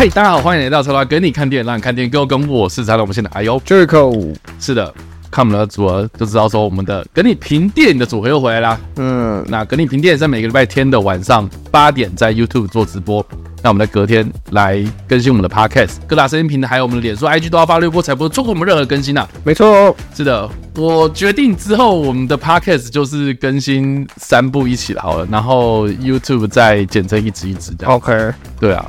嘿，hey, 大家好，歡迎來到《XXY 梗你看電影》，讓你看電影給我公布，跟我是 XXY。叉叉我們現在哎、啊、呦，Jericho 是的，看我們的組合就知道，說我們的《梗你評電影》的組合又回來啦。嗯，那《梗你評電影》在每個禮拜天的晚上八點在 YouTube 做直播，那我們在隔天來更新我們的 Podcast，各大聲音平台還有我們的臉書、IG 都要發六波不播，才不會錯過我們任何更新啦、啊。沒錯、哦，是的，我決定之後，我們的 Podcast 就是更新三部一起了好了，然後 YouTube 再剪成一集一集的。OK，對啊。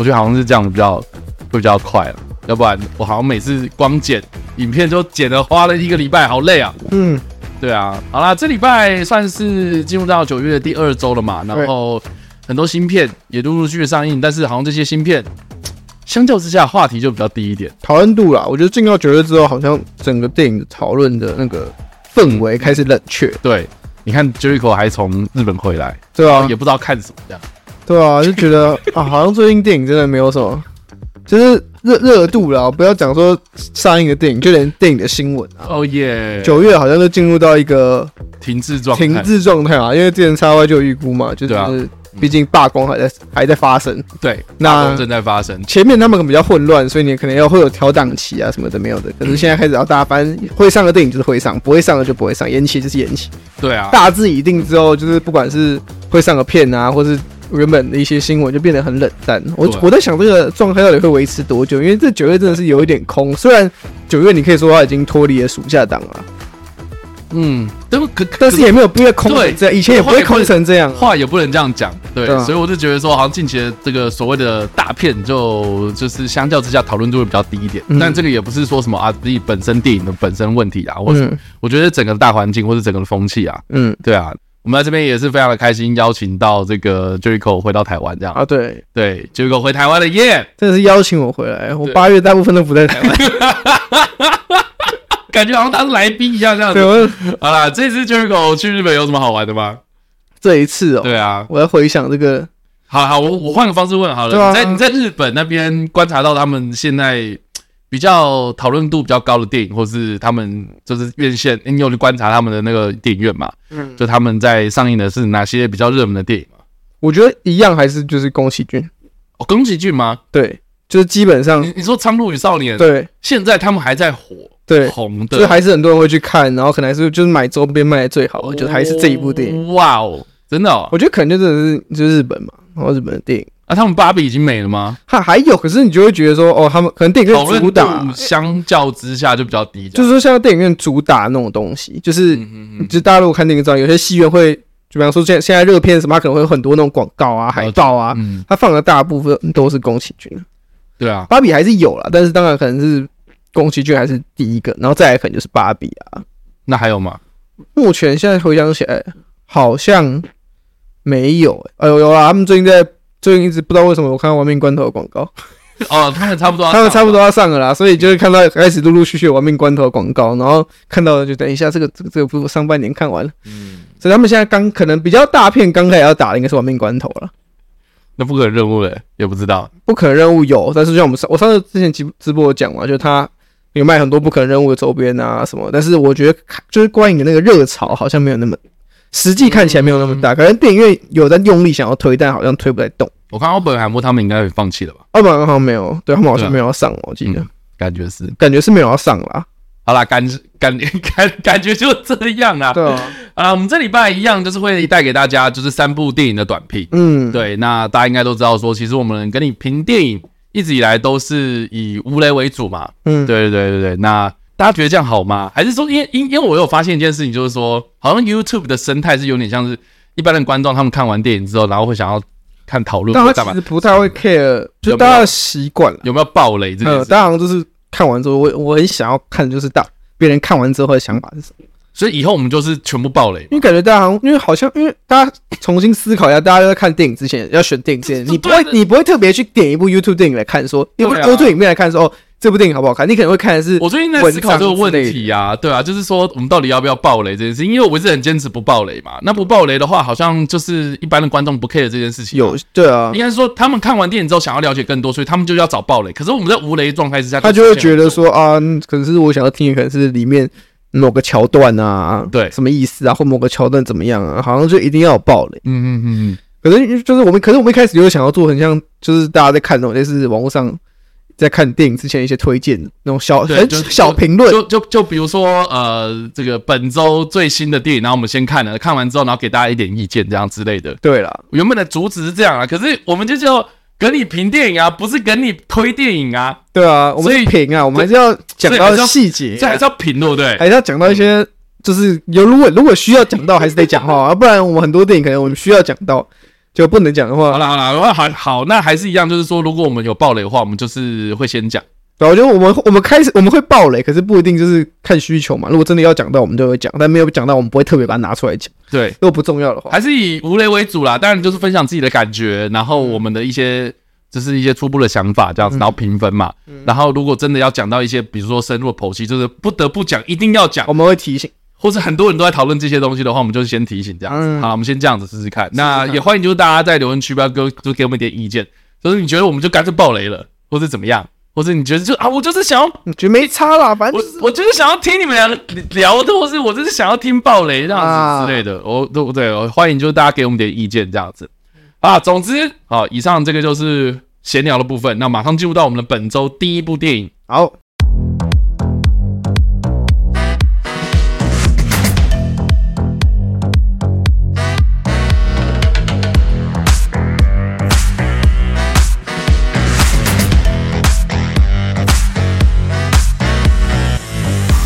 我覺得好像是這樣比較會比較快了。要不然我好像每次光剪影片，就剪了，花了一個禮拜，好累啊。嗯，對啊。好啦，這禮拜算是進入到九月的第二周了嘛。然後很多新片也陸陸續續上映，但是好像這些新片相較之下話題就比較低一點。討論度啦，我覺得進到九月之後，好像整個電影討論的那個氛圍開始冷卻。對，你看 Jericho 還從日本回來，對啊，也不知道看什麼這樣。對啊，就覺得 啊，好像最近電影真的沒有什麼，就是熱熱度啦。不要講說上映的電影，就連電影的新聞啊。哦耶！九月好像就進入到一個停滯狀態，停滯狀態啊，因為之前 XXY 就預估嘛，就是畢、啊、竟罷工還在還在發生。對，那正在發生。前面他們可能比較混亂，所以你可能要會有調檔期啊什麼的沒有的。可是現在開始，要大家反正會上的電影就是會上，不會上的就不會上，延期就是延期。對啊，大致已定之後，就是不管是會上個片啊，或是。原本的一些新聞就變得很冷淡，我對、啊、我在想這個狀態到底會維持多久？因為這九月真的是有一點空，雖然九月你可以說它已經脫離了暑假檔了，嗯，但可，可但是也沒有必要空成這樣對，以前也不會空成這樣這話，啊、話也不能這樣講，對，對啊、所以我就覺得說好像近期的這個所謂的大片，就就是相較之下討論度會比較低一點，嗯、但這個也不是說什麼阿弟本身電影的本身問題啊，或者、嗯、我覺得整個大環境或者整個風氣啊，嗯，對啊。我們在這邊也是非常的開心，邀請到這個 Jericho 回到台灣這樣啊。對對，對對 Jericho 回台灣的耶，真的是邀請我回來。我八月大部分都不在台灣，台 感覺好像都是來賓一樣這樣子。對我 好啦。這次 Jericho 去日本有什麼好玩的嗎？這一次哦、喔，對啊，我要回想這個，好好，我我換個方式問好了，啊、你在你在日本那邊觀察到他們現在？比較討論度比較高的電影，或是他們就是院線，你有去觀察他們的那個電影院嘛？嗯，就他們在上映的是哪些比較熱門的電影嘛？我覺得一樣，還是就是宮崎駿。哦，宮崎駿嗎？對，就是基本上，你，你說《蒼鷺與少年》，對，現在他們還在火，對，紅的，就還是很多人會去看，然後可能還是就是買周邊賣的最好的，我覺得還是這一部電影。哇哦，真的，哦，我覺得可能就是就是日本嘛，然後日本的電影。啊，他們芭比已經沒了嗎？還、啊、還有，可是你就會覺得說，哦，他們可能電影院主打，相較之下就比較低、欸。就是說，像電影院主打那種東西，欸、就是，嗯嗯、就大陸看電影知道，有些戲院會，就比方說現現在熱片什麼，可能會有很多那種廣告啊海報啊，他、嗯、放的大部分都是宮崎駿。對啊，芭比還是有了，但是當然可能是宮崎駿還是第一個，然後再來可能就是芭比啊。那還有嗎？目前現在回想起來好像沒有、欸，哎呦，有啦，他們最近在。最近一直不知道為什麼我看到《玩命關頭》的廣告。哦，他們差不多，他們差不多要上了啦， 所以就是看到開始陸陸續續《玩命關頭》的廣告，然後看到了就等一下這個這個這個不上半年看完了，嗯，所以他們現在剛可能比較大片，剛開始要打的應該是《玩命關頭》了。那不可能任務嘞，也不知道不可能任務有，但是像我們上我上次之前直直播講嘛，就他有賣很多不可能任務的周邊啊什麼，但是我覺得就是觀影的那個熱潮好像沒有那麼。實際看起來沒有那麼大，可能電影院有在用力想要推，但好像推不太動。我看奧本海默他們應該會放棄了吧？奧本、oh, 好像沒有，對他們好像沒有要上我記得、嗯、感覺是感覺是沒有要上啦好啦感感感感覺就這樣啦對啊、嗯啦，我們這禮拜一樣就是會帶給大家就是三部電影的短評。嗯，對，那大家應該都知道說，其實我們梗你評電影一直以來都是以無雷為主嘛。嗯，對對對對對，那。大家覺得這樣好嗎？還是說，因為因為我有發現一件事情，就是說，好像 YouTube 的生態是有點像是一般的觀眾，他們看完電影之後，然後會想要看討論。但他其實不太會 care，麼就大家習慣了。有沒有爆雷這件事？嗯、呃，當然就是看完之後，我我很想要看的就是大，別人看完之後的想法是什麼。所以以後我們就是全部爆雷，因為感覺大家好像，因為好像，因為大家重新思考一下，大家在看電影之前要選電影之前， 你不會你不會特別去點一部 YouTube 電影來看說，說用、啊、YouTube 影片來看說，說哦。這部電影好不好看？你可能會看的是我最近在思考這個問題啊，對啊，就是說我們到底要不要暴雷這件事？因為我一直很堅持不暴雷嘛。那不暴雷的話，好像就是一般的觀眾不 care 這件事情。有對啊，應該是說他們看完電影之後想要了解更多，所以他們就要找暴雷。可是我們在無雷狀態之下，他就會覺得說啊，可是我想要聽的，可能是裡面某個橋段啊，對，什麼意思啊，或某個橋段怎麼樣啊，好像就一定要有暴雷。嗯嗯嗯嗯。可是就是我們，可是我們一開始有想要做很像，就是大家在看那種，類似網絡上。在看電影之前，一些推薦那種小對很小評論就，就就就比如說，呃，這個本周最新的電影，然後我們先看了，看完之後，然後給大家一點意見，這樣之類的。對了啦，我原本的主旨是這樣啊，可是我們就叫梗你評電影啊，不是跟你推電影啊。對啊，我們是評啊，以我們還是要講到細節，這還是要評，對不對？還是要講到一些，嗯、就是有如果如果需要講到，還是得講哈、啊， 不然我們很多電影可能我們需要講到。就不能講的話，好啦好啦，那還好，好，那還是一樣，就是說，如果我們有爆雷的話，我們就是會先講。對，我覺得我們我們開始我們會爆雷，可是不一定就是看需求嘛。如果真的要講到，我們就會講；但沒有講到，我們不會特別把它拿出來講。對，如果不重要的話，還是以無雷為主啦。當然就是分享自己的感覺，然後我們的一些、嗯、就是一些初步的想法這樣子，然後評分嘛。嗯嗯、然後如果真的要講到一些，比如說深入的剖析，就是不得不講，一定要講，我們會提醒。或是很多人都在討論這些東西的話，我們就先提醒這樣。嗯、好，我們先這樣子試試看。那試試看也歡迎，就是大家在留言區不要給就給我們一點意見。就是你覺得我們就乾脆爆雷了，或者怎麼樣？或者你覺得就啊，我就是想要，你覺得沒差啦，反正、就是、我我就是想要聽你們倆聊的，或是我就是想要聽爆雷這樣子之類的。哦，對不對？oh, 歡迎就是大家給我們點意見這樣子。啊，總之，好，以上這個就是閒聊的部分。那馬上進入到我們的本周第一部電影，好。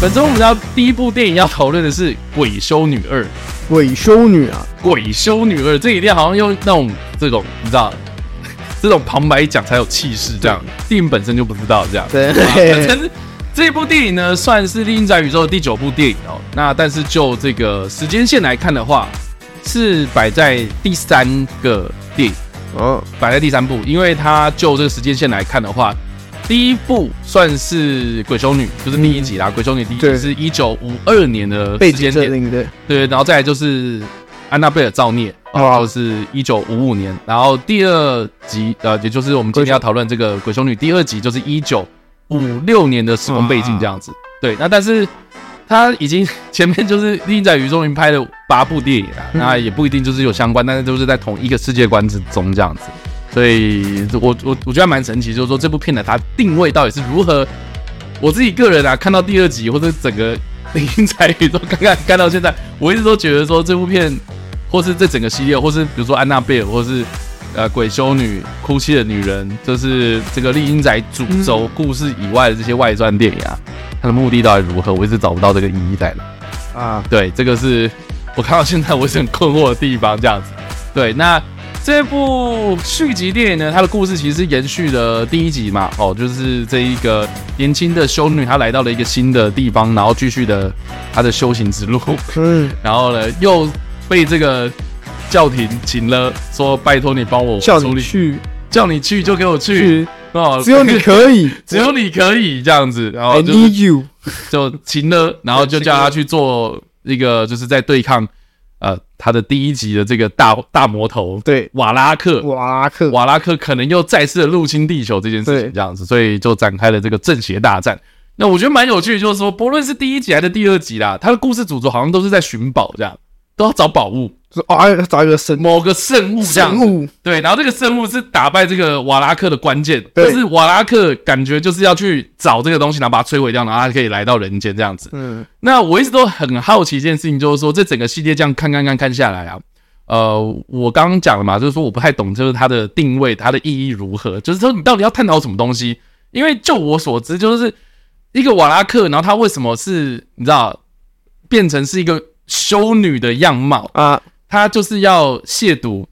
反正我們知道第一部電影要討論的是《鬼修女二》。鬼修女啊，鬼修女二，這一片好像用那種這種，你知道這種旁白講才有氣勢，這樣。對 電影本身就不知道這樣。對、啊。反正這一部電影呢，算是《厲陰宅宇宙》的第九部電影哦、喔。那但是就這個時間線來看的話，是擺在第三個電影哦，擺在第三部，因為它就這個時間線來看的話。第一部算是《鬼修女》，就是第一集啦，嗯，《鬼修女》第一集是一九五二年的時間點，背景設定，對，然後再來就是《安娜貝爾造孽》哦啊，然後、呃就是一九五五年，然後第二集，呃，也就是我們今天要討論這個《鬼修女》第二集，就是一九五六年的時空背景這樣子。嗯啊、對，那但是他已經前面就是印在宇宙中拍的八部電影啦，嗯、那也不一定就是有相關，但是就是在同一個世界觀之中這樣子。所以我我我覺得還蠻神奇，就是說這部片的它定位到底是如何？我自己個人啊，看到第二集或者整個厲陰宅宇宙，看看看到現在，我一直都覺得說這部片，或是這整個系列，或是比如說安娜貝爾，或是呃鬼修女，哭泣的女人，就是這個厲陰宅主軸故事以外的這些外傳電影，啊，嗯、它的目的到底如何？我一直找不到這個意義在了。啊，對，這個是我看到現在我是很困惑的地方，這樣子。對，那。這部續集電影呢，它的故事其實延續了第一集嘛，哦，就是這一個年輕的修女，她來到了一個新的地方，然後繼續的她的修行之路。嗯，然後呢，又被這個教廷請了，說拜託你幫我叫你去，叫你去就給我去，哦，只有你可以， 只有你可以這樣子，然後就，I need you. 就請了，然後就叫他去做一個，就是在對抗。他的第一集的這個大大魔頭，對瓦拉克、瓦拉克，瓦拉克可能又再次的入侵地球這件事情，這樣子，對所以就展開了這個正邪大戰。那我覺得蠻有趣，就是說，不論是第一集還是第二集啦，他的故事主軸好像都是在尋寶這樣。都要找寶物，找一個聖，某個聖物，聖物。對，然後這個聖物是打敗這個瓦拉克的關鍵，就是瓦拉克感覺就是要去找這個東西，然後把它摧毀掉，然後他可以來到人間這樣子。嗯，那我一直都很好奇一件事情，就是說這整個系列這樣看，看，看，看，看下來啊，呃，我剛剛講了嘛，就是說我不太懂，就是它的定位，它的意義如何，就是說你到底要探討什麼東西？因為就我所知，就是是一個瓦拉克，然後他為什麼是你知道變成是一個。修女的樣貌啊，她、uh, 就是要褻瀆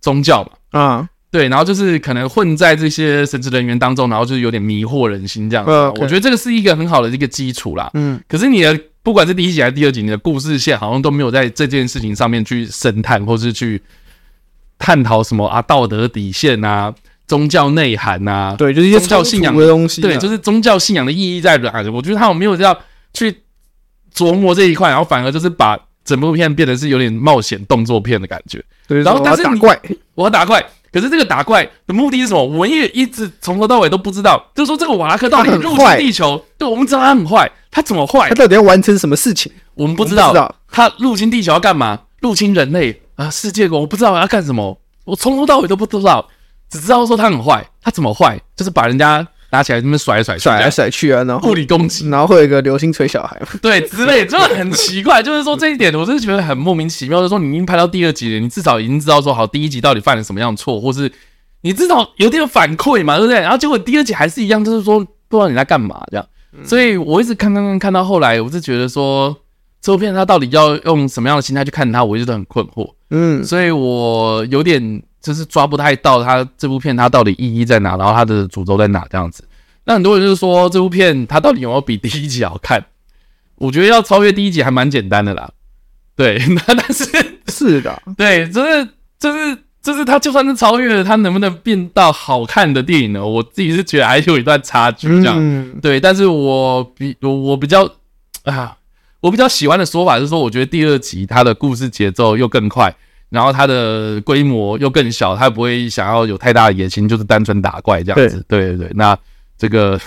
宗教嘛，啊，uh, 對，然後就是可能混在這些神職人員當中，然後就是有點迷惑人心這樣子。Uh, okay. 我覺得這個是一個很好的一個基礎啦，嗯。可是你的不管是第一集還是第二集，你的故事線好像都沒有在這件事情上面去深探，或是去探討什麼啊道德底線啊、宗教內涵啊，對，就是一些、啊、宗教信仰的東西，對，就是宗教信仰的意義在哪，我覺得他們沒有這樣去。琢磨這一塊，然後反而就是把整部片變得是有點冒險動作片的感覺。對，然後但是要怪，我要打怪，可是這個打怪的目的是什麼？我也一直從頭到尾都不知道。就是說這個瓦拉克到底入侵地球，他很壞，對，我們知道他很壞，他怎麼壞？他到底要完成什麼事情？我們不知道。知道他入侵地球要幹嘛？入侵人類啊，世界我不知道他要幹什麼。我從頭到尾都不知道，只知道說他很壞，他怎麼壞？就是把人家。拉起來，這麼甩甩去甩來甩去啊，然後物理攻擊，然後會有一個流星錘小孩，對，之類，就很奇怪。 就是說這一點，我是覺得很莫名其妙。就是說，你已經拍到第二集了，你至少已經知道說，好，第一集到底犯了什麼樣的錯，或是你至少有點反饋嘛，對不對？然後結果第二集還是一樣，就是說不知道你在幹嘛這樣。嗯、所以我一直看，剛剛看到後來，我是覺得說，這部片他到底要用什麼樣的心態去看他，我一直都很困惑。嗯，所以我有點。就是抓不太到他這部片，他到底意義在哪，然後他的主軸在哪這樣子。那很多人就是說，這部片他到底有沒有比第一集好看？我覺得要超越第一集還蠻簡單的啦。對，那但是是的， 對，就是就是就是他就算是超越了，他能不能變到好看的電影呢？我自己是覺得還有一段差距這樣。嗯、對，但是我比我，我比較啊，我比較喜歡的說法是說，我覺得第二集它的故事節奏又更快。然後它的規模又更小，它不會想要有太大的野心，就是單純打怪這樣子。對，對對對。那這個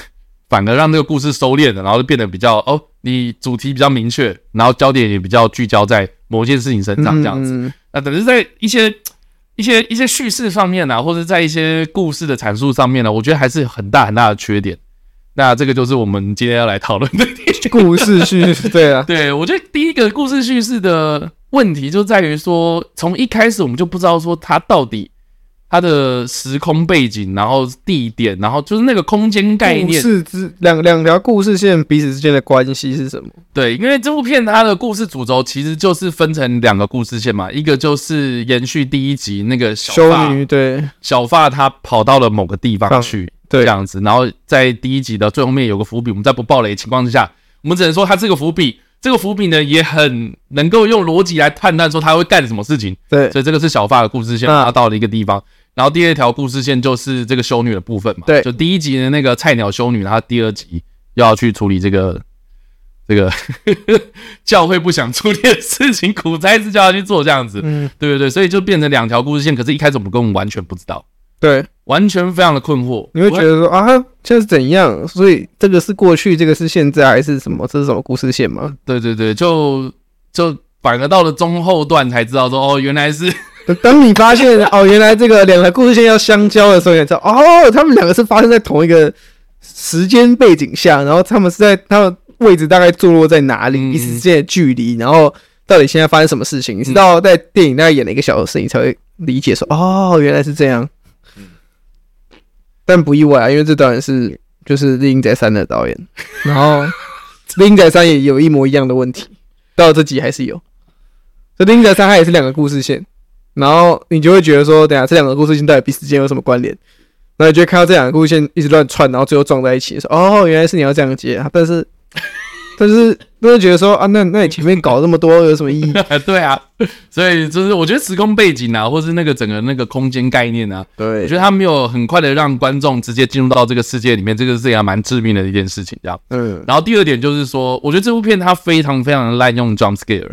反而讓這個故事收斂了，然後就變得比較哦，你主題比較明確，然後焦點也比較聚焦在某件事情身上這樣子。嗯、那等於在一些一些一些敘事上面呢、啊，或者在一些故事的闡述上面呢、啊，我覺得還是很大很大的缺點。那這個就是我們今天要來討論的故事敘事，對啊 對，對，我覺得第一個故事敘事的問題就在於說，從一開始我們就不知道說它到底它的時空背景，然後地點，然後就是那個空間概念，故事之，兩兩條故事線彼此之間的關係是什麼？對，因為這部片它的故事主軸其實就是分成兩個故事線嘛，一個就是延續第一集那個小發修女對，小發他跑到了某個地方去。啊對，這樣子，然後在第一集的最後面有個伏筆，我們在不暴雷的情況之下，我們只能說他這個伏筆，這個伏筆呢也很能夠用邏輯來判斷說他會幹什麼事情。對，所以這個是小法的故事線，他到了一個地方。然後第二條故事線就是這個修女的部分嘛。對，就第一集的那個菜鳥修女，她第二集又要去處理這個這個 教會不想處理的事情，苦差事叫她去做，這樣子。嗯，對不對？所以就變成兩條故事線。可是，一開始我們跟我們完全不知道。對。完全非常的困惑，你會覺得說會啊，現在是怎樣？所以這個是過去，這個是現在，還是什麼？這是什麼故事線嗎？對對對，就就反而到了中後段才知道說哦，原來是當你發現 哦，原來這個兩條故事線要相交的時候，你才知道哦，他們兩個是發生在同一個時間背景下，然後他們是在他們位置大概坐落在哪裡，嗯、一時間距離，然後到底現在發生什麼事情？嗯、你知道在電影那演了一個小時，你才會理解說哦，原來是這樣。但不意外啊，因為這當然是就是《厲陰宅3》的導演，然後《厲陰宅3》也有一模一樣的問題，到了這集還是有。這《厲陰宅3》它也是兩個故事線，然後你就會覺得說，等下這兩個故事線到底彼此間有什麼關聯？然後你就會看到這兩個故事線一直亂串，然後最後撞在一起的時候，哦，原來是你要這樣接啊！但是，但是。都會覺得說啊，那那你前面搞那麼多有什麼意義？ 對啊，所以就是我覺得時空背景啊，或是那個整個那個空間概念啊，對，我覺得它沒有很快的讓觀眾直接進入到這個世界裡面，這個是也蠻致命的一件事情，這樣。嗯對。然後第二點就是說，我覺得這部片它非常非常的濫用 jump scare，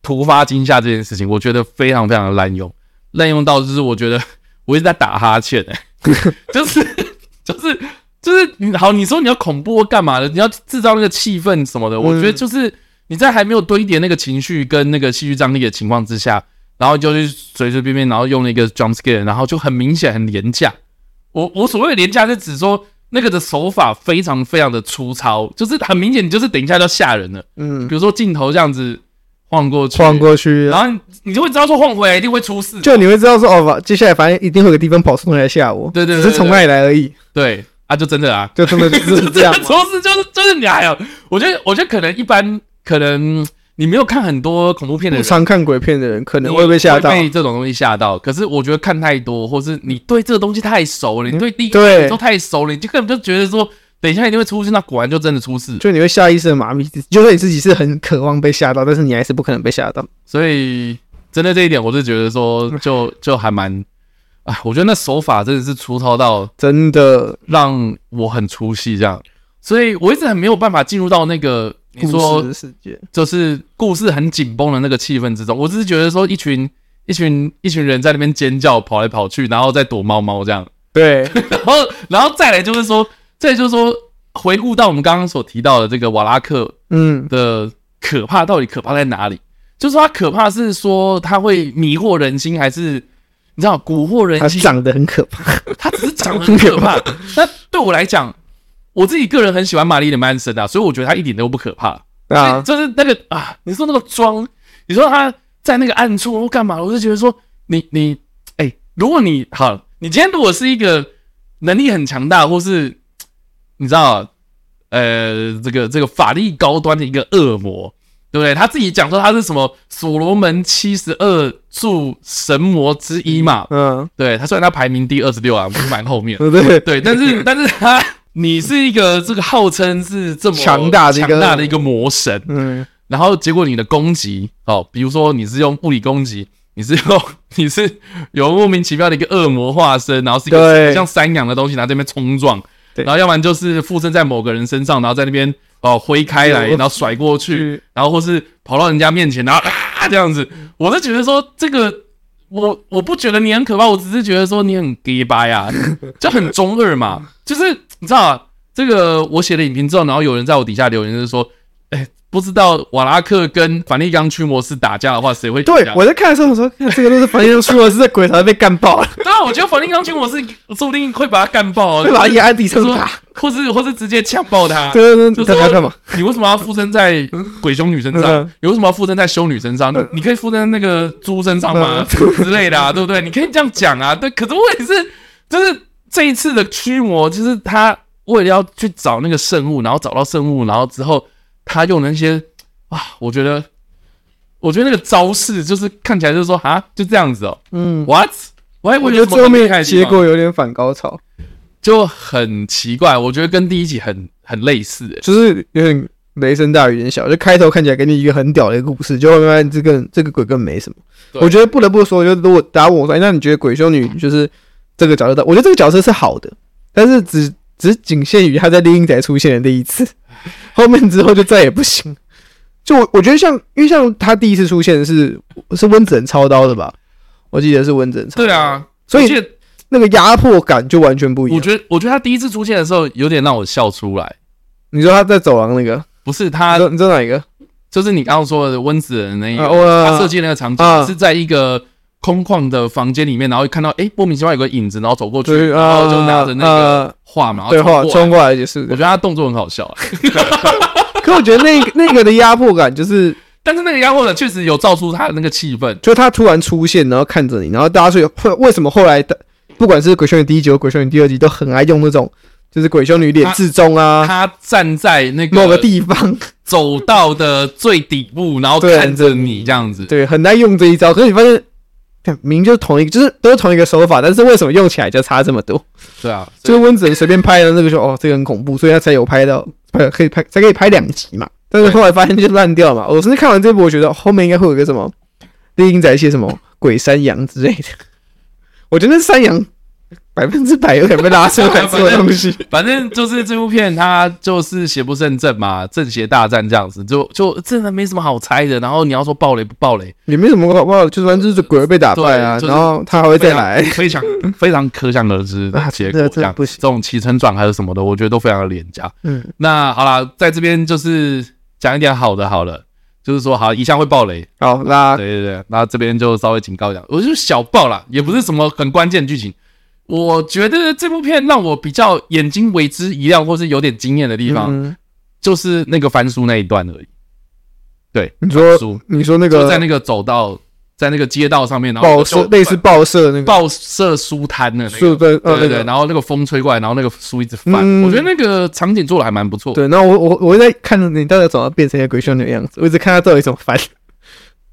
突發驚嚇這件事情，我覺得非常非常的濫用，濫用到就是我覺得我一直在打哈欠、欸，哎、 就是，就是就是。就是你好，你說你要恐怖或幹嘛的，你要製造那個氣氛什麼的。嗯，我覺得就是你在還沒有堆疊那個情緒跟那個戲劇張力的情況之下，然後就去隨隨便便，然後用了一個 jump scare，然後就很明顯很廉價。我我所謂廉價是指說那個的手法非常非常的粗糙，就是很明顯你就是等一下就要嚇人了。嗯，比如說鏡頭這樣子晃過去，晃過去，過去然後你，你就會知道說晃回來一定會出事，就你會知道說哦，接下來反正一定會有個地方跑出來嚇我。對對，對，對對，對，只是從哪裡來而已。對。啊，就真的啊，就真的就是這樣，說 是就是就是你還有，我覺得我覺得可能一般可能你沒有看很多恐怖片的人，常看鬼片的人可能會被嚇到，被這種東西嚇到。可是我覺得看太多，或是你對這個東西太熟，你對地一對都太熟了，你就根本就覺得說，等一下一定會出事，那果然就真的出事，就你會下意識的麻痹就算你自己是很渴望被嚇到，但是你還是不可能被嚇到。所以，真的這一點，我是覺得說，就就還蠻。哎，我覺得那手法真的是粗糙到真的讓我很出戲，這樣，所以我一直很沒有辦法進入到那個你說就是故事很緊繃的那個氣氛之中。我只是覺得說一群一群一群人在那邊尖叫、跑來跑去，然後在躲貓貓這樣。對， 然後然後再來就是說，再來就是說，回顧到我們剛剛所提到的這個瓦拉克，嗯的可怕到底可怕在哪裡？就是說他可怕是說他會迷惑人心，還是？你知道蠱惑人，他長得很可怕，他只是長得很可怕。 那對我來講，我自己個人很喜歡瑪麗蓮曼森啊，所以我覺得他一點都不可怕。啊，是就是那個啊，你說那個妝，你說他在那個暗處我幹嘛，我就覺得說你你哎、欸，如果你好，你今天如果是一個能力很強大，或是你知道呃這個這個法力高端的一個惡魔。對，他自己講說他是什麼所羅門七十二柱神魔之一嘛，嗯，嗯對他雖然他排名第二十六啊，不是蠻後面，嗯、對對,對,對但是 但是他你是一個 這個號稱是這麼強大強大的一個魔神，嗯，然後結果你的攻擊哦，比如說你是用物理攻擊，你是用你是有莫名其妙的一個惡魔化身，然後是一個對像山羊的東西拿這邊衝撞，然後要不然就是附身在某個人身上，然後在那邊。哦，揮開來，然後甩過去，然後或是跑到人家面前，然後啊，啊這樣子。我是覺得說這個，我我不覺得你很可怕，我只是覺得說你很假掰、啊、就很中二嘛，就是你知道，啊、這個我寫了影評之後，然後有人在我底下留言，就是說。不知道瓦拉克跟梵蒂岡驅魔師打架的話，打架，誰會。對，我在看的時候說，這個都是梵蒂岡驅魔師在鬼才被幹爆了。對啊，我覺得梵蒂岡驅魔師說不定會把他幹爆，會、就是、把他壓在地上，或是或是直接槍爆他。對對對，就是他要幹嘛，你為什麼要附身在鬼修女身上？ 嗯、你為什麼要附身在修女身上？嗯、你可以附身在那個豬身上嗎？嗯、 之類的啊，對不對？你可以這樣講啊。對，可是問題是，就是這一次的驅魔，就是他為了要去找那個聖物，然後找到聖物，然後之後。他用那些啊，我覺得，我覺得那個招式就是看起來就是說啊，就這樣子哦。嗯，What？我還我覺得最後面結果有點反高潮，就很奇怪。我覺得跟第一集很很類似，就是有點雷聲大雨點小，就開頭看起來給你一個很屌的一個故事，就慢慢這個這個鬼根本沒什麼。對我覺得不得不說，就如果打我說哎，那你覺得鬼修女就是這個角色的？我覺得這個角色是好的，但是只只僅限於他在厲陰宅出現的那一次。 後面之後就再也不行，就我我覺得像，因為像他第一次出現的是是溫子仁操刀的吧，我記得是溫子仁操刀。對啊，所以，所以那個壓迫感就完全不一樣。我覺得我覺得他第一次出現的時候有點讓我笑出來。你說他在走廊那個？不是他，你知道哪一個？就是你剛剛說的溫子仁那一個，啊哦哦、他設計那個場景、啊、是在一個。空曠的房間裡面，然後看到誒，莫名其妙有個影子，然後走過去，呃、然後就拿着那個畫嘛，呃、然後衝過，過來也是。我覺得他動作很好笑，啊， 可我覺得那個、那個的壓迫感就是，但是那個壓迫感確實有造出他的那個氣氛，就他突然出現，然後看着你，然後大家說，為為什麼後來的不管是鬼修女第一集和鬼修女第二集都很愛用那種，就是鬼修女臉置中啊，他，他站在那個某個地方，走到的最底部，然後看着你這樣子，對，對，很愛用這一招。可是你發現。名明明就是同一個，就是都同一個手法，但是為什麼用起來就差這麼多？對啊，這個溫子仁隨便拍的，那個時候，哦，這個很恐怖，所以他才有拍到，拍，呃，可以拍才可以拍兩集嘛。但是後來發現就爛掉了嘛。我甚至看完這部，我覺得後面應該會有個什麼，厲陰宅一些什麼鬼山羊之類的。我覺得那山羊，百分之百有點被拉扯出來、 啊、東西反，反正就是這部片，它就是邪不勝正嘛，正邪大戰這樣子，就就真的沒什麼好猜的。然後你要說暴雷不暴雷，也沒什麼好爆的，就算就是鬼被打敗啊，就是、然後他還會再來，非常，非常，非，常 非常可想而知。那結果、啊啊、的不行這樣，這種起承轉合還有什麼的，我覺得都非常的廉價。嗯，那好啦，在這邊就是講一點好的，好了，就是說好一向會暴雷，好，那對對對，那這邊就稍微警告一下，我就小爆啦，也不是什麼很關鍵劇情。我覺得這部片讓我比較眼睛為之一亮，或是有點驚艷的地方，嗯嗯，就是那個翻書那一段而已。對，你說書，你說那個就在那個走道，在那個街道上面，報社類似報社那個報社書攤的那個，對對對。然後那個風吹過來，然後那個書一直翻。嗯、我覺得那個場景做得還蠻不錯。對，然後我我我在看着你，到底怎麼變成一個鬼修女的樣子？我一直看他到底怎麼翻，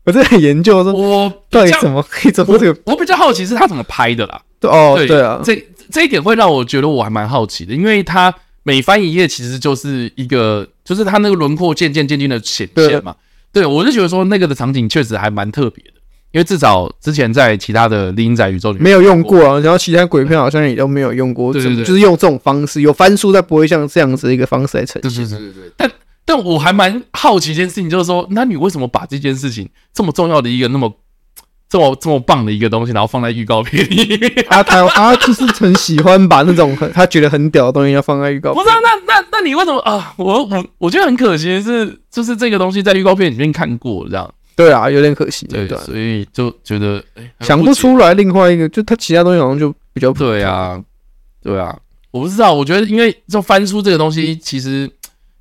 我真的很研究說，我到底怎麼怎麼這個我我，我比較好奇是他怎麼拍的啦。哦，對，對啊，這這一點會讓我覺得我還蠻好奇的，因為它每翻一頁其實就是一個，就是它那個輪廓漸漸漸漸的顯現嘛。對，對，我就覺得說那個的場景確實還蠻特別的，因為至少之前在其他的《厲陰宅》宇宙裡沒有用過啊。然後其他鬼片好像也都沒有用過，對麼就是用這種方式，有翻書但不會像這樣子的一個方式來呈現。對對對對對。但但我還蠻好奇一件事情，就是說那你為什麼把這件事情這麼重要的一個那麼。這麼這麼棒的一個東西，然後放在預告片裡、 啊、他他他、啊、就是很喜歡把那種很他覺得很屌的東西要放在預告片裡。不是、啊，那那那你為什麼啊？我我我覺得很可惜的是，是就是這個東西在預告片裡面看過這樣。對啊，有點可惜。對，對對所以就覺得、欸、不想不出來。另外一個，就他其他東西好像就比較對啊，對啊，對啊我不知道。我覺得因為就翻書這個東西，其實。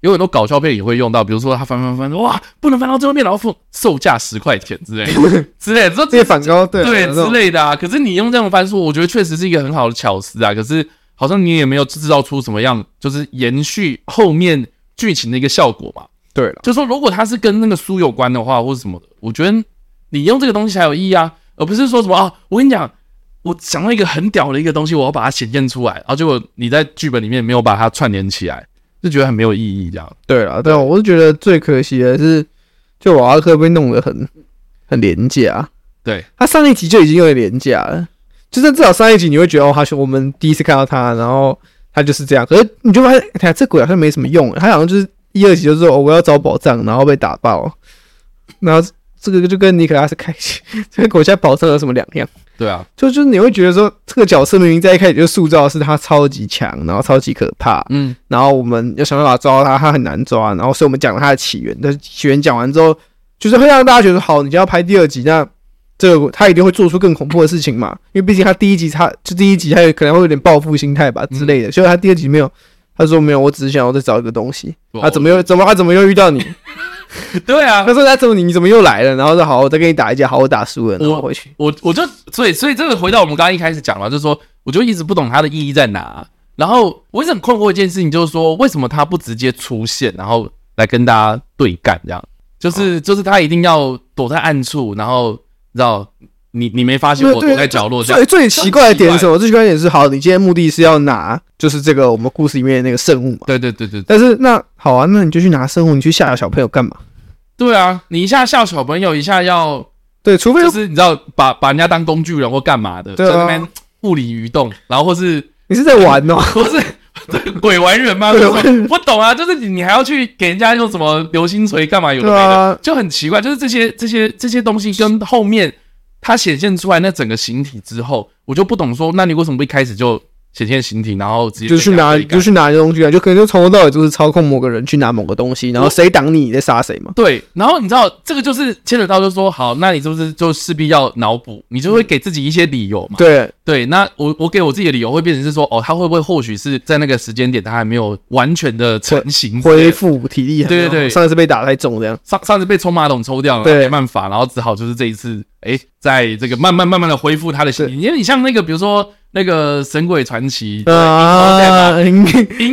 有很多搞笑片也會用到，比如說他翻翻翻，哇，不能翻到最後面，然後付售價十塊錢之類的， 之類的，之類的，直接反高，對對之類的啊。可是你用這樣的翻書，我覺得確實是一個很好的巧思啊。可是好像你也沒有制造出什麼樣，就是延續後面劇情的一個效果吧？對了，就是說如果他是跟那個書有關的話，或者什麼的，我覺得你用這個東西才有意義啊，而不是說什麼啊。我跟你講，我想到一個很屌的一個東西，我要把它顯現出來，然後結果你在劇本裡面沒有把它串聯起來。就覺得很沒有意義，這樣。對啊，對，啊對，我是覺得最可惜的是，就瓦拉克被弄得很很廉價。對，他上一集就已經有點廉價了，就算至少上一集你會覺得哦，他是我們第一次看到他，然後他就是這樣。可是你就發現，哎，這鬼好像沒什麼用，他好像就是一、二集就是說我要找寶藏，然後被打爆，然後這個就跟尼可拉斯開啟這個國家寶藏有什麼兩樣？對啊，就就是你會覺得說，這個角色明明在一開始就塑造的是他超級強，然後超級可怕，嗯，然後我們要想辦法抓到他，他很難抓，然後所以我們講了他的起源，但起源講完之後，就是會讓大家覺得說好，你就要拍第二集，那這個他一定會做出更恐怖的事情嘛，因為畢竟他第一集他就第一集他有可能會有點報復心態吧之類的，嗯、所以他第二集沒有，他說沒有，我只是想要再找一個東西，不好 他怎麼又、嗯、怎麼他怎麼又遇到你？ 對啊，他說他揍你你怎麼又來了？然後說好，我再跟你打一架，好，我打輸了，我回去。我，我，我就所以所以這個回到我們剛剛一開始講了，就是說我就一直不懂它的意義在哪。然後我一直很困惑一件事情，就是說為什麼他不直接出現，然後來跟大家對幹這樣？就是、哦、就是他一定要躲在暗處，然後你知道。你你沒發現我躲在角落所以？最最奇怪的點是什麼？最奇怪的點是，好，你今天目的是要拿，就是這個我們故事裡面的那個聖物嘛。對對對對。但是那好啊，那你就去拿聖物，你去嚇嚇小朋友幹嘛？對啊，你一下嚇小朋友，一下要對，除非就是你知道把把人家當工具人或幹嘛的，對啊，在那邊物理移動，然後或是你是在玩哦， 或是鬼玩人嗎？對，我、就是、懂啊，就是你你還要去給人家用什麼流星錘幹嘛，有的沒的，對啊，就很奇怪，就是這些這些這些東西跟後面。它顯現出來那整個形體之後，我就不懂說，那你為什麼不一開始就？顯現形體，然後直接就去拿，就去拿這東西啊，就可能就從頭到尾就是操控某個人去拿某個東西，然後誰擋你，哦、你再殺誰嘛。對，然後你知道這個就是牽扯到，就說好，那你是不是就勢必要腦補，你就會給自己一些理由嘛。嗯、對對，那我我給我自己的理由會變成是說，哦，他會不會或許是在那個時間點他還沒有完全的成型，對樣恢復體力。對對對，上一次被打太重這樣，上上次被沖馬桶抽掉了，沒辦法，然後只好就是這一次，哎，在這個慢慢慢慢的恢復他的形體，對因為你像那個比如說。那個神鬼傳奇啊，印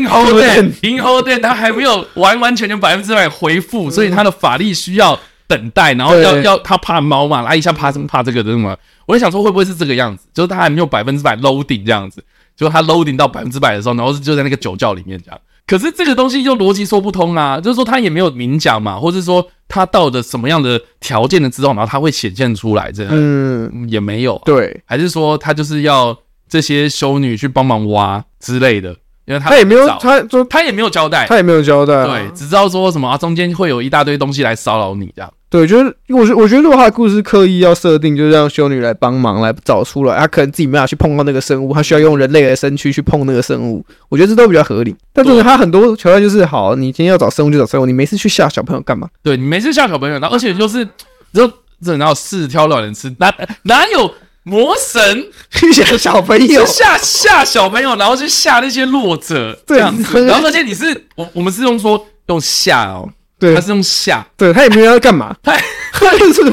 何闐，印何闐，day, 他還沒有完完全全百分之百回復， 所以他的法力需要等待，然後要對要他怕貓嘛，來一下怕什麼怕這個的嘛？我在想說會不會是這個樣子，就是他還沒有百分之百 loading 這樣子，就他 loading 到百分之百的時候，然後就在那個酒窖裡面這樣。可是這個東西就邏輯說不通啊，就是說他也沒有明講嘛，或是說他到了什麼樣的條件的之後，然後他會顯現出來這樣，嗯，也沒有、啊，對，還是說他就是要。這些修女去幫忙挖之類的，因為他有沒有也沒有，他就他也沒有交代，他也沒有交代，對，只知道說什麼啊，中間會有一大堆東西來騷擾你這樣。對，就是我覺我覺得，如果他的故事刻意要設定，就是讓修女來幫忙來找出來，他可能自己沒辦法去碰到那個生物，他需要用人類的身軀去碰那個生物，我覺得這都比較合理。但就是他很多橋段就是，好，你今天要找生物就找生物，你沒事去嚇小朋友幹嘛？對，你沒事嚇小朋友，然後而且就是，這這哪有四挑兩人吃？哪哪有？魔神遇見小朋友，嚇嚇小朋友，然後去嚇那些弱者，這樣子。然後而且你是我，我們是用說用嚇哦，對，他是用嚇，對他也沒有要幹嘛，他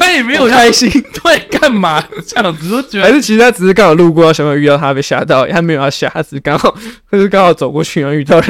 他也沒有開心，對，幹嘛這樣子都覺得？還是其實他只是剛好路過，小朋友遇到他被嚇到，他沒有要嚇他是剛好，他是剛好走過去然後遇到了，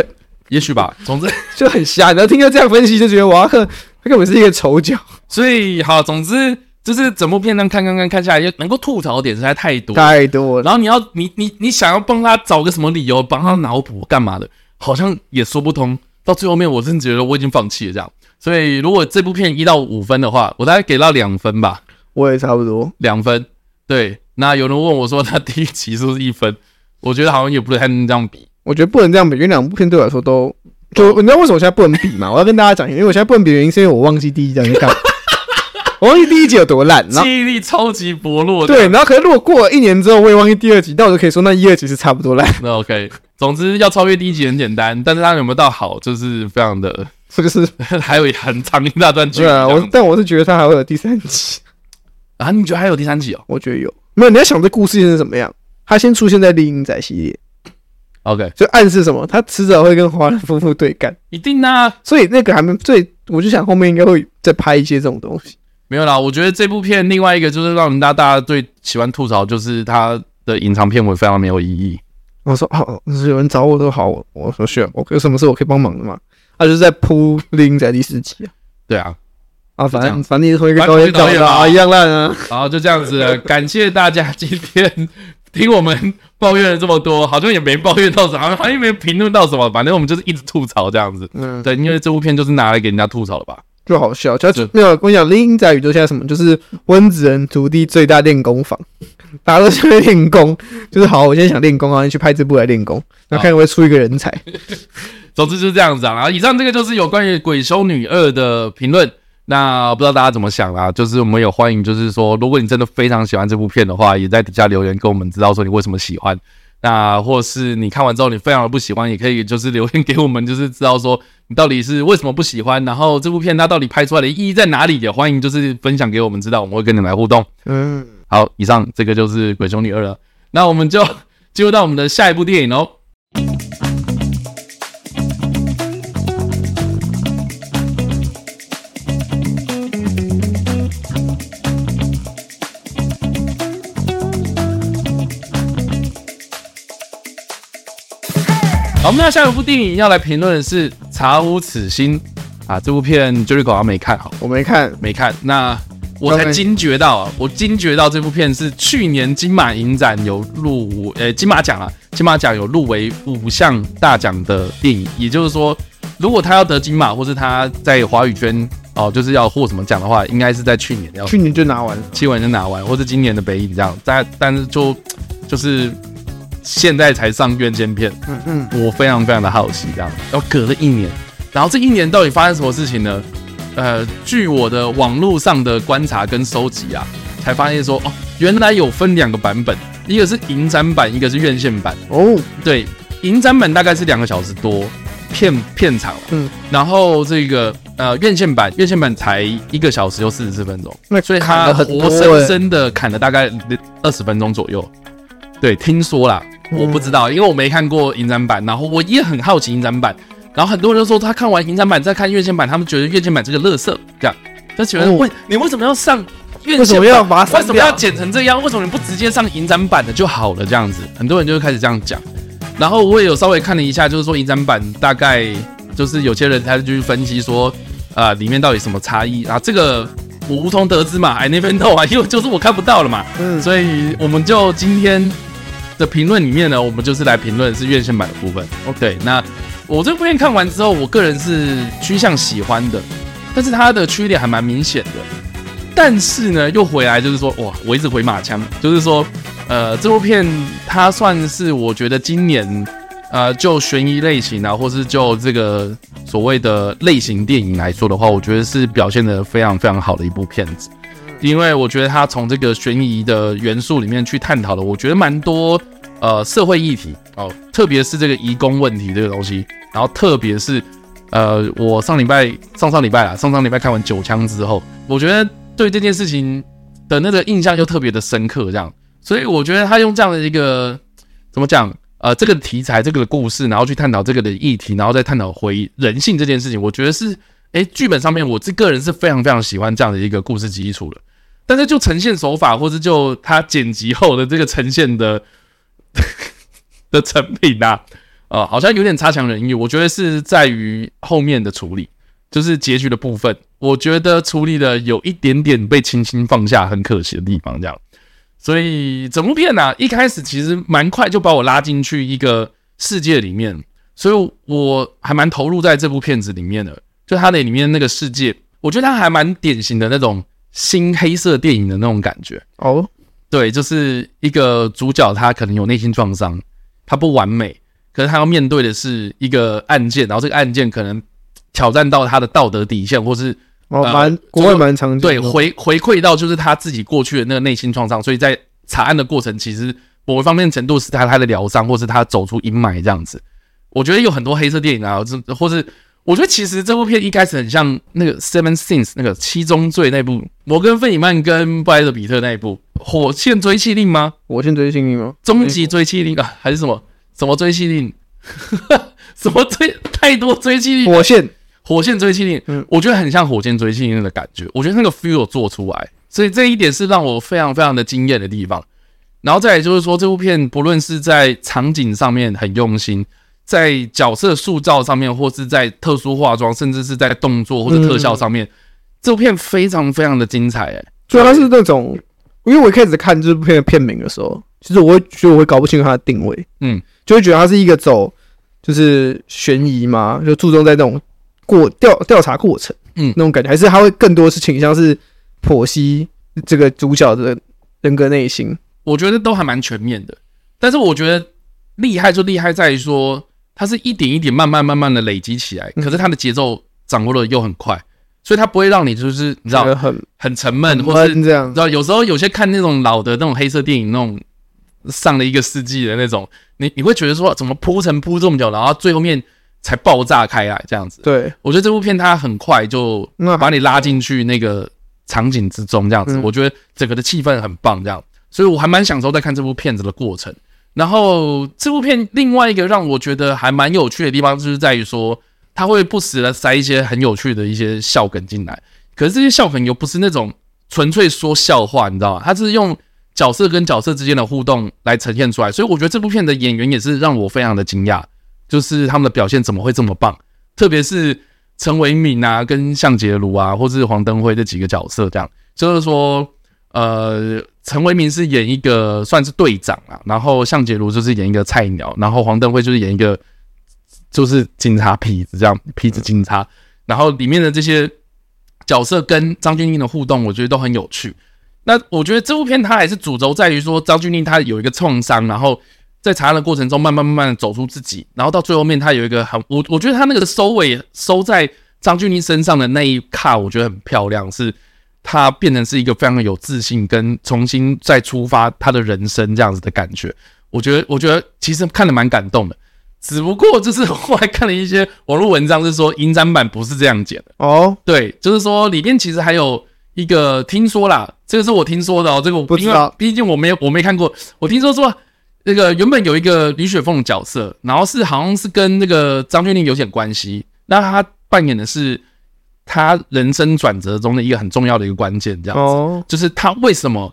也許吧。總之就很瞎，然後聽到這樣分析，就覺得哇，他根本是一個丑角。所以好，總之。就是整部片呢，看看看看下來，又能夠吐槽點實在太多，太多。然後你要你你你想要幫他找個什麼理由，幫他腦補幹嘛的，好像也說不通。到最後面，我真的覺得我已經放棄了這樣。所以如果這部片一到五分的話，我大概給到兩分吧。我也差不多兩分。對，那有人問我說他第一集是不是一分？我覺得好像也不太能這樣比。我覺得不能這樣比，因為兩部片對我來說都，就你知道為什麼我現在不能比嗎？ 我要跟大家講，因為我現在不能比的原因是因為我忘記第一張去看。 我忘記第一集有多爛，然後記憶力超級薄弱的。對，然後可能過了一年之後我也忘記第二集，但我就可以說那一二集是差不多爛。那 OK，總之要超越第一集很簡單， 但是它有沒有到好，就是非常的這個是，是 還有一很長一大段劇啊。我但我是覺得它還會有第三集啊？你覺得還有第三集哦？我覺得有，沒有？你在想這故事變成什麼樣？他先出現在《厲陰宅》系列，OK，就暗示什麼？他遲早會跟華倫夫婦對幹，一定吶、啊。所以那個還沒，最，我就想後面應該會再拍一些這種東西。沒有啦，我覺得這部片另外一個就是讓人大大家最喜歡吐槽，就是他的隱藏片尾非常沒有意義。我說哦，有人找我都好，我說選，我有什麼事我可以幫忙的嘛？他、啊、就是在鋪拎在第四集啊。對啊，啊，反正反正你同一個導演的、啊、導演啊一樣爛啊。然後就這樣子了，感謝大家今天 聽我們抱怨了這麼多，好像也沒抱怨到什麼，好像也沒評論到什麼，反正我們就是一直吐槽這樣子。嗯，對，因為這部片就是拿來給人家吐槽的吧。就好笑，就要是沒有跟我講厲陰宅宇宙下什麼，就是溫子仁徒弟最大練功房，大家都在練功，就是好，我現在想練功，我先去拍這部來練功，那看會不會出一個人才。好 總之就是這樣子啊。然後以上這個就是有關於鬼修女二的評論，那我不知道大家怎麼想啦、啊？就是我們有歡迎，就是說，如果你真的非常喜歡這部片的話，也在底下留言跟我們知道說你為什麼喜歡。那或是你看完之後你非常的不喜歡，也可以就是留言給我們，就是知道說你到底是為什麼不喜歡，然後這部片它到底拍出來的意義在哪裡，也歡迎就是分享給我們知道，我們會跟你來互動。嗯，好，以上這個就是《鬼修女 II》了，那我們就進入到我們的下一部電影哦。那下一部電影要來評論的是《查無此心》啊，這部片 Jericho 還沒看，好，我沒看，沒看，那我才驚覺到、啊，我驚覺到這部片是去年金馬影展有入，呃、欸、金馬獎啊，金馬獎有入圍五項大獎的電影，也就是說，如果他要得金馬，或是他在華語圈哦，就是要獲什麼獎的話，應該是在去年去年就拿完，去年就拿完，或是今年的北影這樣，但但是就就是。現在才上院線片，嗯嗯，我非常非常的好奇，這樣，然後隔了一年，然後這一年到底發生什麼事情呢？呃，據我的網絡上的觀察跟收集啊，才發現說，哦，原來有分兩個版本，一個是影展版，一個是院線版。哦，對，影展版大概是兩個小時多，片片長，嗯，然後這個呃院線版，院線版才一個小時又四十四分鐘，那砍得很多、欸、所以它活生生的砍了大概二十分鐘左右，對，聽說啦。我不知道，因為我沒看過影展版，然後我也很好奇影展版，然後很多人就說他看完影展版再看院線版，他們覺得院線版這個樂色這樣，但請問你為什麼要上院線？為什麼要把為什麼要剪成這樣？為什麼你不直接上影展版的就好了？這樣子，很多人就開始這樣講。然後我也有稍微看了一下，就是說影展版大概就是有些人他就去分析說啊、呃、裡面到底什麼差異啊？這個我無從得知嘛，哎，那邊都啊因為就是我看不到了嘛，嗯，所以我們就今天，的評論裡面呢，我們就是來評論是院線版的部分。OK，那我這部片看完之後，我個人是趨向喜歡的，但是它的缺點還蠻明顯的。但是呢，又回來就是說，哇，我一直回馬槍，就是說，呃，這部片它算是我覺得今年，呃，就懸疑類型啊，或是就這個所謂的類型電影來說的話，我覺得是表現得非常非常好的一部片子。因為我覺得他從這個懸疑的元素裡面去探討了，我覺得蠻多呃社會議題哦，特別是這個移工問題這個東西，然後特別是呃我上禮拜上上禮拜啦，上上禮拜看完《九槍》之後，我覺得對這件事情的那個印象就特別的深刻，這樣，所以我覺得他用這樣的一個怎麼講呃這個題材這個故事，然後去探討這個的議題，然後再探討回憶人性這件事情，我覺得是哎劇本上面我這個人是非常非常喜歡這樣的一個故事基礎的。但是就呈現手法，或是就他剪輯後的這個呈現的 的成品啊，呃，好像有點差強人意。我覺得是在於後面的處理，就是結局的部分，我覺得處理的有一點點被輕輕放下，很可惜的地方這樣。所以整部片呢，啊，一開始其實蠻快就把我拉進去一個世界裡面，所以我還蠻投入在這部片子裡面的。就它的裡面那個世界，我覺得它還蠻典型的那種。新黑色電影的那種感覺哦，oh. 對，就是一個主角他可能有內心創傷，他不完美，可是他要面對的是一個案件，然後這個案件可能挑戰到他的道德底線，或是蠻國外蠻常見的，對，回回饋到就是他自己過去的那個內心創傷，所以在查案的過程，其實某一方面程度是他他的療傷，或是他走出陰霾這樣子。我覺得有很多黑色電影啊，或是。我覺得其實這部片一開始很像那個 Seven Sins 那個七宗罪那部摩根費裡曼跟布萊德彼特那一部《火線追緝令》嗎？《火線追緝令》嗎？《終極追緝令》啊，還是什麼什麼追緝令？什麼追緝令？ 什麼追太多追緝令？火線火線追緝令，嗯、我覺得很像《火箭追緝令》的感覺。我覺得那個 feel 做出來，所以這一點是讓我非常非常的驚豔的地方。然後再來就是說，這部片不論是在場景上面很用心。在角色塑造上面，或是在特殊化妝，甚至是在動作或者特效上面，嗯、這部片非常非常的精彩，欸。哎，對，主要是，是那種，因為我一開始看這部片的片，片名的時候，其實我會覺得我會搞不清楚它的定位，嗯，就會覺得它是一個走就是懸疑嘛，就注重在那種過調調查過程，嗯，那種感覺，還是它會更多是傾向是剖析這個主角的人格內心。我覺得都還蠻全面的，但是我覺得厲害就厲害在於說。它是一點一點慢慢慢慢的累積起來，可是它的節奏掌握的又很快，所以它不會讓你就是你知道很很沉悶，或者這樣你知道有時候有些看那種老的那種黑色電影那種上了一個世紀的那種，你你會覺得說怎麼鋪陳鋪這麼久，然後最後面才爆炸開來這樣子。對，我覺得這部片它很快就把你拉進去那個場景之中，這樣子，我覺得整個的氣氛很棒，這樣，所以我還蠻享受在看這部片子的過程。然後這部片另外一個讓我覺得還蠻有趣的地方，就是在於說，他會不時的塞一些很有趣的一些笑梗進來。可是這些笑梗又不是那種純粹說笑話，你知道嗎？他是用角色跟角色之間的互動來呈現出來。所以我覺得這部片的演員也是讓我非常的驚訝，就是他們的表現怎麼會這麼棒？特別是陳為民啊、跟項婕如啊，或是黃鐙輝這幾個角色，這樣就是說。呃，陳為民是演一個算是隊長啦、啊，然後向杰如就是演一個菜鳥，然後黃登輝就是演一個就是警察痞子這樣，痞子警察。嗯、然後裡面的這些角色跟張俊英的互動，我覺得都很有趣。那我覺得這部片它還是主軸在於說張俊英他有一個創傷，然後在查案的過程中慢慢慢慢的走出自己，然後到最後面他有一個很我我覺得他那個收尾收在張俊英身上的那一卡，我覺得很漂亮，是。他變成是一個非常有自信，跟重新再出發他的人生這樣子的感覺，我覺得，我覺得其實看得蠻感動的。只不過就是後來看了一些網絡文章，是說影展版不是這樣剪的哦。對，就是說裡面其實還有一個聽說啦，這個是我聽說的，哦。這個我不知道，畢竟我沒有，我沒看過。我聽說說那個原本有一個李雪鳳角色，然後是好像是跟那個張鈞甯有點關係，那他扮演的是。他人生轉折中的一個很重要的一個關鍵，這樣子，就是他為什麼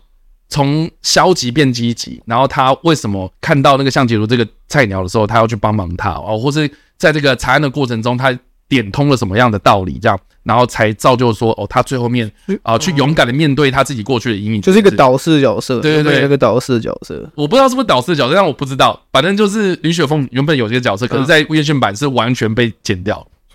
從消極變積極，然後他為什麼看到那個項婕如這個菜鳥的時候，他要去幫忙他哦，或是在這個查案的過程中，他點通了什麼樣的道理，這樣，然後才造就說哦，他最後面啊去勇敢的面對他自己過去的陰影，就是一個導師角色，對對對，一個導師角色，我不知道是不是導師角色，但我不知道，反正就是李雪鳳原本有些角色，可是在無線版是完全被剪掉。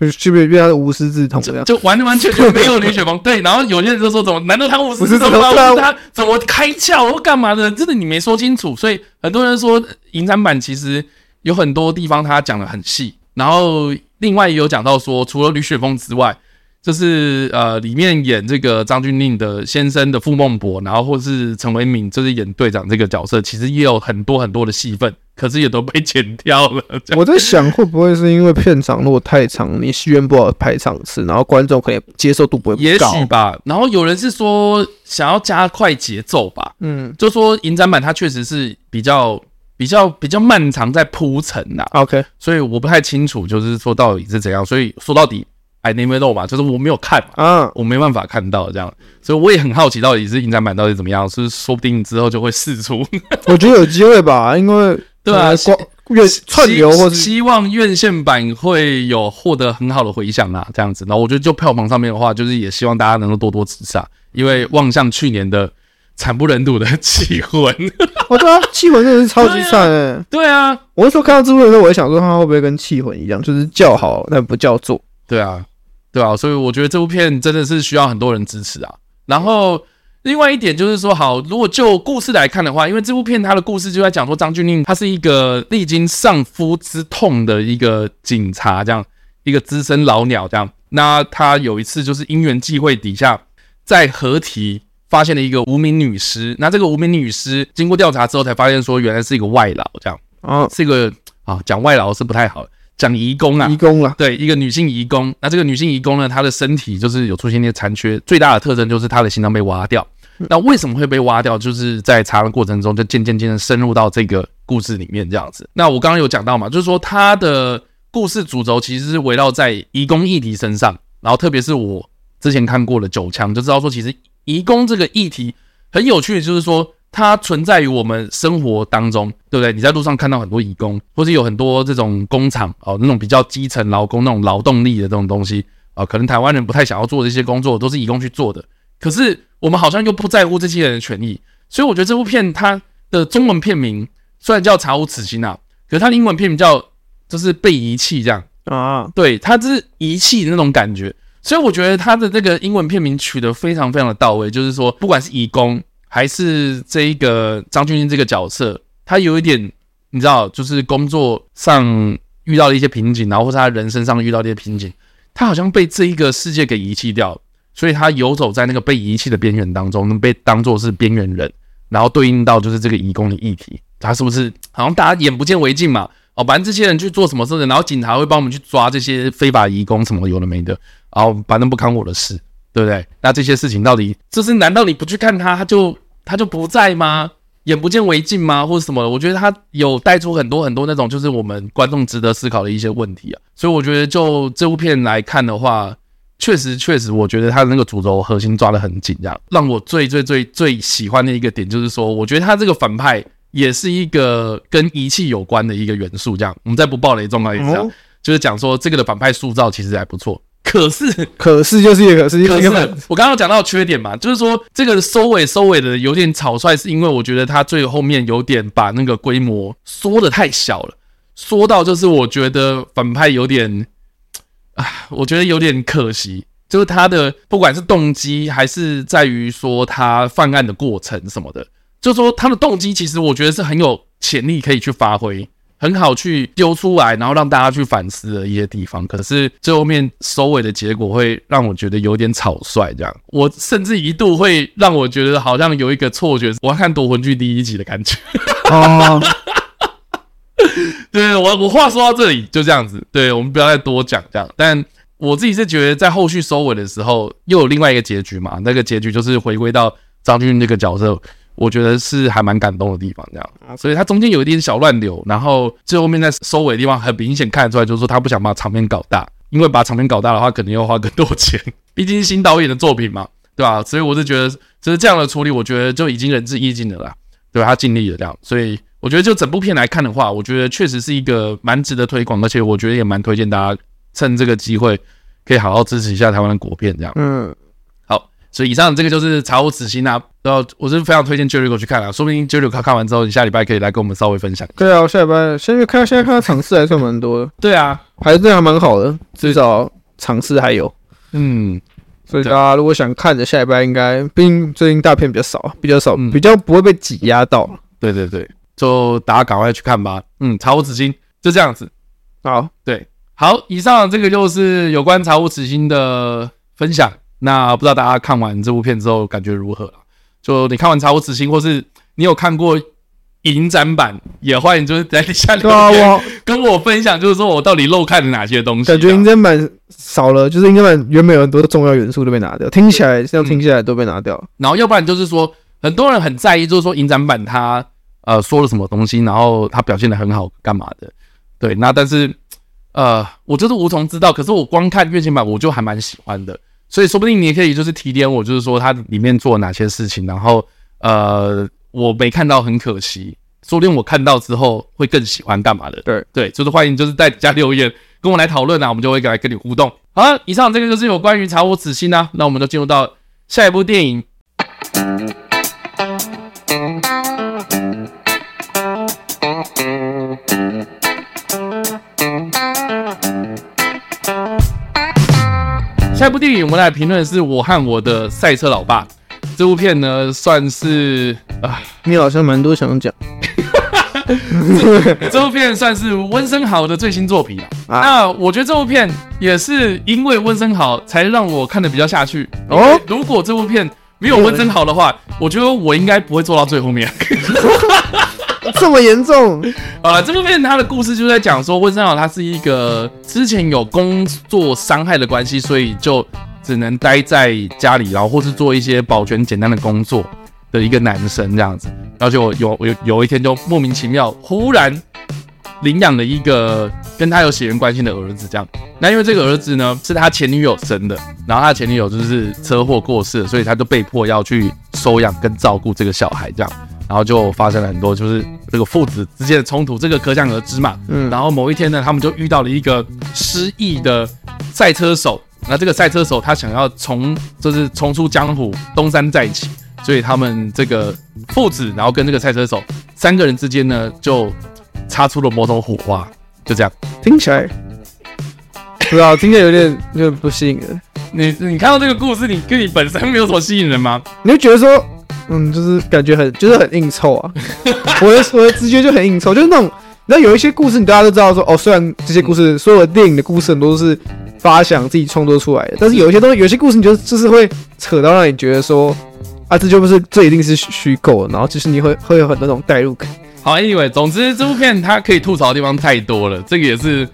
他是的啊，就是就不無師自通，就完完全全沒有呂雪峰。 對，然後有些人就說：怎麼？難道他無師自通嗎？他怎麼開竅或幹嘛的？真的你沒說清楚。所以很多人說《影展版》其實有很多地方他講的很細。然後另外也有講到說，除了呂雪峰之外，就是呃裡面演這個張鈞甯的先生的傅孟柏，然後或是陳為民，就是演隊長這個角色，其實也有很多很多的戲份。可是也都被剪掉了。我在想，會不會是因為片長如果太長，你戲院不好排場次，然後觀眾可以接受度不會高。也許吧。然後有人是說想要加快節奏吧，嗯，就說影展版它確實是比較比較比較漫長，在鋪陳的。OK，所以我不太清楚，就是說到底是怎樣。所以說到底，I never know 吧，就是我沒有看，啊，我沒辦法看到這樣。所以我也很好奇，到底是影展版到底怎麼樣？是說不定之後就會釋出。我覺得有機會吧，因為。對啊，院串流或者，希望院線版會有獲得很好的回響啊，這樣子。然後我覺得就票房上面的話，就是也希望大家能夠多多支持啊，因為望向去年的慘不忍睹的《氣魂》，我知道，《氣魂》真的是超級慘。對啊，我那時候看到這部的時候，我也想說他會不會跟《氣魂》一樣，就是叫好但不叫座。對啊，對啊，所以我覺得這部片真的是需要很多人支持啊。然後。另外一點就是說，好，如果就故事來看的話，因為這部片它的故事就在講說張鈞甯她是一個歷經喪夫之痛的一個警察，這樣一個資深老鳥這樣。那他有一次就是因緣際會底下，在河堤發現了一個無名女屍。那這個無名女屍經過調查之後，才發現說原來是一個外勞這樣啊，是一個啊，講外勞是不太好。講移工啊，移工啊，對，一個女性移工。那這個女性移工呢，她的身體就是有出現一些殘缺，最大的特徵就是她的心臟被挖掉。那為什麼會被挖掉？就是在查的過程中，就漸漸漸漸深入到這個故事裡面這樣子。那我剛剛有講到嘛，就是說她的故事主軸其實是圍繞在移工議題身上，然後特別是我之前看過了九槍就知道說其實移工這個議題很有趣，就是說。它存在於我們生活當中，對不對？你在路上看到很多移工，或是有很多這種工廠哦，那種比較基層勞工那種勞動力的這種東西啊、哦，可能台灣人不太想要做這些工作，都是移工去做的。可是我們好像又不在乎這些人的權益，所以我覺得這部片它的中文片名雖然叫《查無此心》啊，可是它的英文片名叫就是被遺棄這樣啊，對，它就是遺棄的那種感覺。所以我覺得它的這個英文片名取得非常非常的到位，就是說不管是移工，還是這一個張鈞甯這個角色，他有一點你知道，就是工作上遇到了一些瓶頸，然後或者他人生上遇到的一些瓶頸，他好像被這一個世界給遺棄掉，所以他遊走在那個被遺棄的邊緣當中，被當做是邊緣人，然後對應到就是這個移工的議題，他是不是好像大家眼不見為淨嘛？哦，反正這些人去做什麼事的，然後警察會幫我們去抓這些非法移工什麼有的沒的，然後反正不關我的事。對不對？那這些事情到底就是，難道你不去看他，他就他就不在嗎？眼不見為淨嗎？或者什麼的？我覺得他有帶出很多很多那種，就是我們觀眾值得思考的一些問題啊。所以我覺得就這部片來看的話，確實確實，我覺得他的那個主軸核心抓得很緊，這樣讓我最最最最喜歡的一個點就是說，我覺得他這個反派也是一個跟遺棄有關的一個元素，這樣。我們再不暴雷狀態一下，就是講說這個的反派塑造其實還不錯，可是，可是就是也可是，可是我剛剛講到缺點嘛，就是說這個收尾，收尾的有點草率，是因為我覺得他最後面有點把那個規模縮得太小了。說到就是我覺得反派有點啊，我覺得有點可惜，就是他的不管是動機還是在於說他犯案的過程什麼的，就是說他的動機其實我覺得是很有潛力可以去發揮。很好去揪出來，然後讓大家去反思的一些地方。可是最後面收尾的結果會讓我覺得有點草率，這樣，我甚至一度會讓我覺得好像有一個錯覺，我要看《奪魂鋸》第一集的感覺。Oh. 對，我我話說到這裡就這樣子，對，我們不要再多講這樣。但我自己是覺得在後續收尾的時候，又有另外一個結局嘛？那個結局就是回歸到張俊那個角色。我覺得是還蠻感動的地方，這樣，所以它中間有一點小亂流，然後最後面在收尾的地方，很明顯看得出來，就是說他不想把場面搞大，因為把場面搞大的話，肯定要花更多錢，畢竟新導演的作品嘛，對吧？所以我是覺得，就是這樣的處理，我覺得就已經仁至義盡的啦，對吧？他盡力了，這樣，所以我覺得就整部片來看的話，我覺得確實是一個蠻值得推廣，而且我覺得也蠻推薦大家趁這個機會，可以好好支持一下台灣的國片，這樣，嗯。所以以上這個就是《查無此心》啊，然後、啊、我是非常推薦 Jericho 哥去看啊，說不定 Jericho 哥看完之後，你下禮拜可以來跟我們稍微分享。對啊，我下禮拜現在看，現在看場次還算蠻多的。對啊，排隊還蠻好的，至少場次還有。嗯對，所以大家如果想看的，下禮拜應該，畢竟最近大片比較少，比較少，嗯、比較不會被擠壓到。對對對，就大家趕快去看吧。嗯，《查無此心》就這樣子。好，對，好，以上這個就是有關《查無此心》的分享。那不知道大家看完這部片之後感覺如何，啊、就你看完《查無此心》，或是你有看過《影展版》，也歡迎就是在下面，啊、我跟我分享，就是說我到底漏看了哪些東西，啊。感覺影展版少了，就是影展版原本有很多重要元素都被拿掉，聽起來現在對聽起來都被拿掉，嗯。然後要不然就是說，很多人很在意，就是說影展版他呃說了什麼東西，然後他表現得很好，幹嘛的？對，那但是呃，我就是無從知道。可是我光看院線版，我就還蠻喜歡的。所以說不定你也可以就是提點我，就是說它裡面做了哪些事情，然後呃我沒看到很可惜，說不定我看到之後會更喜歡幹嘛的？對對，就是歡迎就是在底下留言，跟我來討論啊，我們就會來跟你互動。好了，以上這個就是有關於《查無此心》啊，那我們就進入到下一部電影。嗯下一部電影我們來評論，是我和我的賽車老爸。這部片呢，算是啊、呃，你好像蠻多想講。 這部片算是溫昇豪的最新作品、啊啊、那我覺得這部片也是因為溫昇豪才讓我看的比較下去哦。如果這部片沒有溫昇豪的話，我覺得我應該不會坐到最後面。 這麼嚴重啊、 呃！這部片它的故事就在講說，溫昇豪他是一個之前有工作傷害的關係，所以就只能待在家裡，然後或是做一些保全簡單的工作的一個男生這樣子。然後就有有有一天就莫名其妙，忽然領養了一個跟他有血緣關係的兒子這樣子。那因為這個兒子呢是他前女友生的，然後他前女友就是車禍過世，所以他就被迫要去收養跟照顧這個小孩這樣。然後就發生了很多就是。這個父子之間的衝突，這個可想而知嘛。嗯，然後某一天呢，他們就遇到了一個失憶的賽車手。那這個賽車手他想要重，就是重出江湖，東山再起。所以他們這個父子，然後跟這個賽車手三個人之間呢，就擦出了某種火花。就這樣，聽起來， 不知道聽起來有點有點不吸引人。你你看到這個故事，你跟你本身沒有什麼吸引人嗎？你會覺得說？嗯，就是感覺很，就是很硬湊啊。我的我的直覺就很硬湊，就是那種，你知道有一些故事，你大家都知道說，哦，雖然這些故事，嗯、所有電影的故事很多都是發想自己創作出來的，但是有一些東西，有些故事，你就是、就是會扯到讓你覺得說，啊，這就不是，這一定是虛虛構的，然後其實你會會有很多種代入感。好，anyway、總之這部片它可以吐槽的地方太多了，這個也是，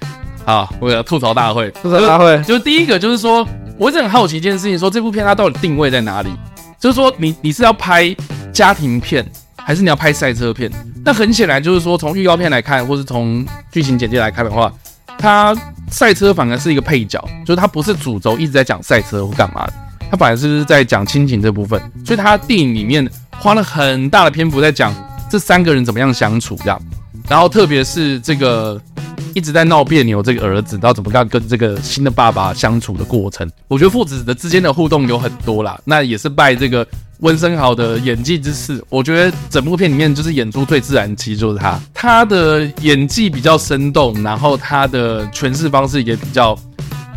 啊，我要吐槽大會，吐槽大會，就是第一個就是說，我一直很好奇一件事情說，說這部片它到底定位在哪裡？就是說你，你你是要拍家庭片，還是你要拍賽車片？那很顯然，就是說從預告片來看，或是從劇情簡介來看的話，它賽車反而是一個配角，就是它不是主軸，一直在講賽車或幹嘛的。它反而是在講親情這部分，所以它電影裡面花了很大的篇幅在講這三個人怎麼樣相處，這樣。然後，特別是這個一直在鬧彆扭這個兒子，到怎麼樣跟這個新的爸爸相處的過程，我覺得父子的之間的互動有很多啦。那也是拜這個溫昇豪的演技之賜，我覺得整部片裡面就是演出最自然，其實就是他，他的演技比較生動，然後他的詮釋方式也比較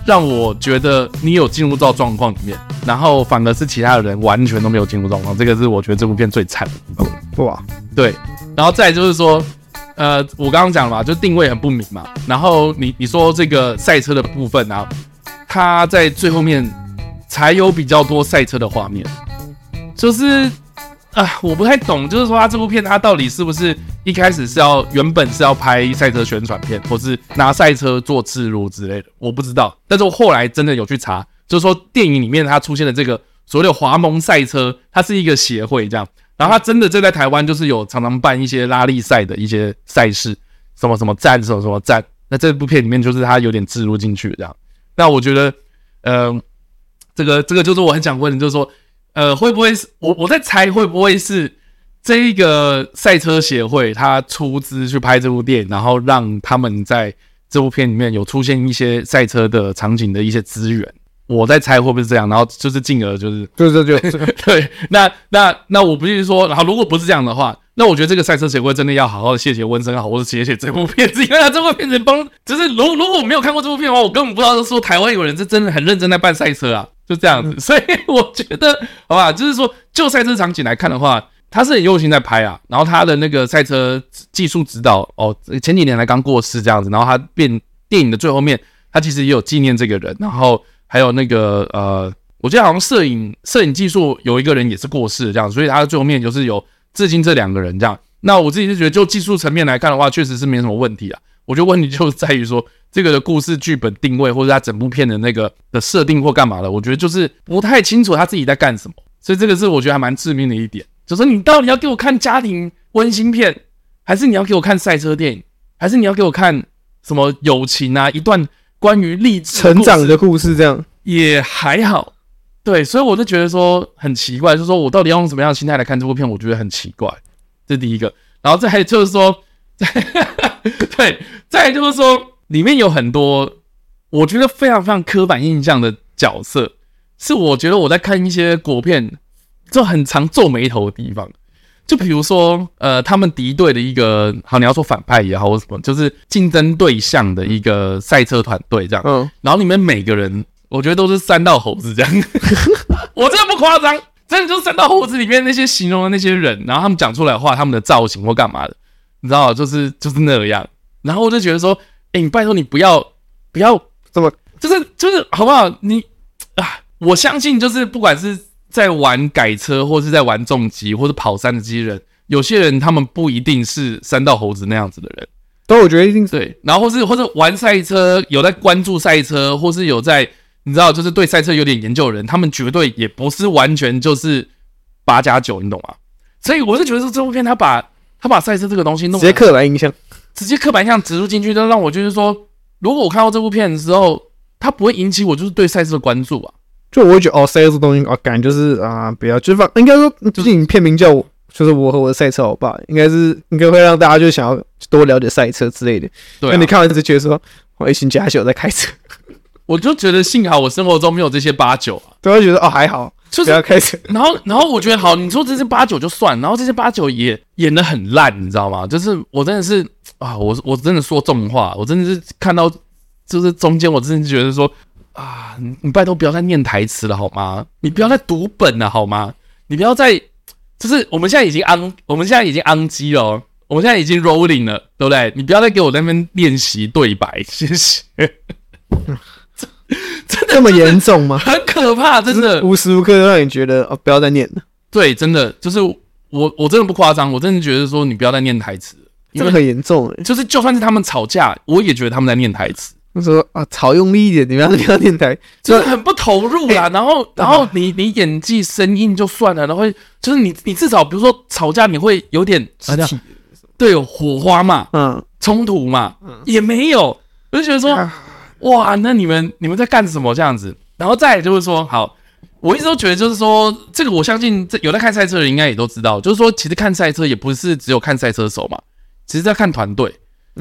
讓我覺得你有進入到狀況裡面，然後反而是其他的人完全都沒有進入狀況，這個是我覺得這部片最慘的部分。哇，對，然後再來就是說。呃，我剛剛講了嘛，就定位很不明嘛。然後你你說這個賽車的部分啊，它在最後面才有比較多賽車的畫面，就是啊、呃，我不太懂，就是說它這部片它到底是不是一開始是要原本是要拍賽車宣傳片，或是拿賽車做置入之類的，我不知道。但是我後來真的有去查，就是說電影裡面它出現的這個所謂的華盟賽車，它是一個協會這樣。然後他真的就在台灣就是有常常辦一些拉力賽的一些賽事，什麼什麼站，什麼什麼站。那這部片裡面就是他有點置入進去這樣。那我覺得，嗯，這個這個就是我很想問，就是說，呃，會不會是？我我在猜會不會是這一個賽車協會他出資去拍這部電影，然後讓他們在這部片裡面有出現一些賽車的場景的一些資源。我在猜會不會是這樣，然後就是進而就是對對對對。 對那那那我不是說，然後如果不是這樣的話，那我覺得這個賽車協會真的要好好謝謝溫昇，好好的謝謝這部片子，因為他這部片子幫，就是如如果，如果我沒有看過這部片的話，我根本不知道說台灣有人是真的很認真在辦賽車啊，就這樣子，嗯、所以我覺得好吧，就是說就賽車場景來看的話，他是很用心在拍啊，然後他的那個賽車技術指導哦，前幾年來剛過世這樣子，然後他變電影的最後面，他其實也有紀念這個人，然後。還有那個呃，我記得好像攝影攝影技術有一個人也是過世的，這樣，所以他的最後面就是有致敬這兩個人這樣。那我自己就覺得，就技術層面來看的話，確實是沒什麼問題啊。我覺得問題就在於說，這個的故事劇本定位或者他整部片的那個的設定或幹嘛的，我覺得就是不太清楚他自己在幹什麼。所以這個是我覺得還蠻致命的一點，就是你到底要給我看家庭溫馨片，還是你要給我看賽車電影，還是你要給我看什麼友情啊一段？關於勵志成長的故事，這樣也還好，對，所以我就覺得說很奇怪，就是說我到底要用什麼樣的心態來看這部片，我覺得很奇怪，這第一個，然後再就是說， 對，再就是說裡面有很多我覺得非常非常刻板印象的角色，是我覺得我在看一些國片就很常皺眉頭的地方。就比如說，呃，他們敵對的一個，好，你要說反派也好或什麼，就是競爭對象的一個賽車團隊這樣。嗯，然後裡面每個人，我覺得都是三道猴子這樣。 我真的不誇張，真的就是三道猴子裡面那些形容的那些人，然後他們講出來的話，他們的造型或幹嘛的，你知道，就是就是那樣。然後我就覺得說，哎、欸，你拜託你不要不要怎麼、就是，就是就是好不好？你啊，我相信就是不管是。在玩改車，或是在玩重機，或者跑山的機人，有些人他們不一定是山道猴子那樣子的人，都我覺得一定是對。然後或是或者玩賽車，有在關注賽車，或是有在你知道，就是對賽車有點研究的人，他們絕對也不是完全就是八加九，你懂嗎，啊？所以我是覺得說，這部片他把他把賽車這個東西弄直接刻板印象，直接刻板印象植入進去，就讓我就是說，如果我看到這部片的時候，它不會引起我就是對賽車的關注啊。就我會覺得哦，賽車這東西啊，感覺就是啊，比較就是放，應該說最近、就是、片名叫我就是《我和我的賽車老爸》應該，應該是應該會讓大家就想要多了解賽車之類的。對、啊，你看完之後覺得說，我一星加還在開車。我就覺得幸好我生活中沒有這些八九啊，都會覺得哦，還好，就是、要開車。然後，然後我覺得好，你說這些八九就算，然後這些八九也演得很爛，你知道嗎？就是我真的是啊，我我真的說重話，我真的是看到就是中間，我真的覺得說。啊，你拜託不要再念台詞了好嗎？你不要再讀本了好嗎？你不要再就是我們現在已經安我們現在已經安機了、哦，我們現在已經 rolling 了，對不對？你不要再給我在那邊練習對白，謝謝。嗯、這，這麼嚴重嗎？很可怕，真的，無時無刻讓你覺得哦，不要再念了。對，真的就是我，我真的不誇張，我真的覺得說你不要再念台詞，真的很嚴重、欸。就是就算是他們吵架，我也覺得他們在念台詞。就說：“啊，吵用力一點！你們那個電台就是很不投入啦。嘿然後，然後你、嗯、你演技生硬就算了，然後就是你你至少比如說吵架你會有點吵架，啊、對，有火花嘛，嗯，衝突嘛，也沒有。嗯、我就覺得說，嗯、哇，那你們你們在幹什麼這樣子？然後再來就是說，好，我一直都覺得就是說，這個我相信這有人在看賽車的人應該也都知道，就是說其實看賽車也不是只有看賽車手嘛，其實在看團隊。”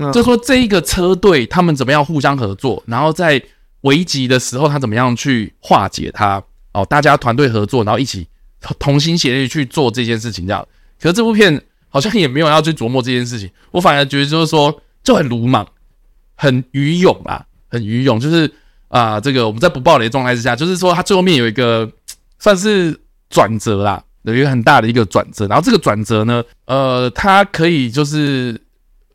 就是說這一個車隊他們怎麼樣互相合作，然後在危急的時候他怎麼樣去化解它。哦，大家團隊合作，然後一起同心協力去做這件事情。這樣，可是這部片好像也沒有要去琢磨這件事情，我反而覺得就是說就很魯莽，很愚勇啊，很愚勇。就是啊、呃，這個我們在不暴雷狀態之下，就是說他最後面有一個算是轉折啦，有一個很大的一個轉折。然後這個轉折呢，呃，他可以就是。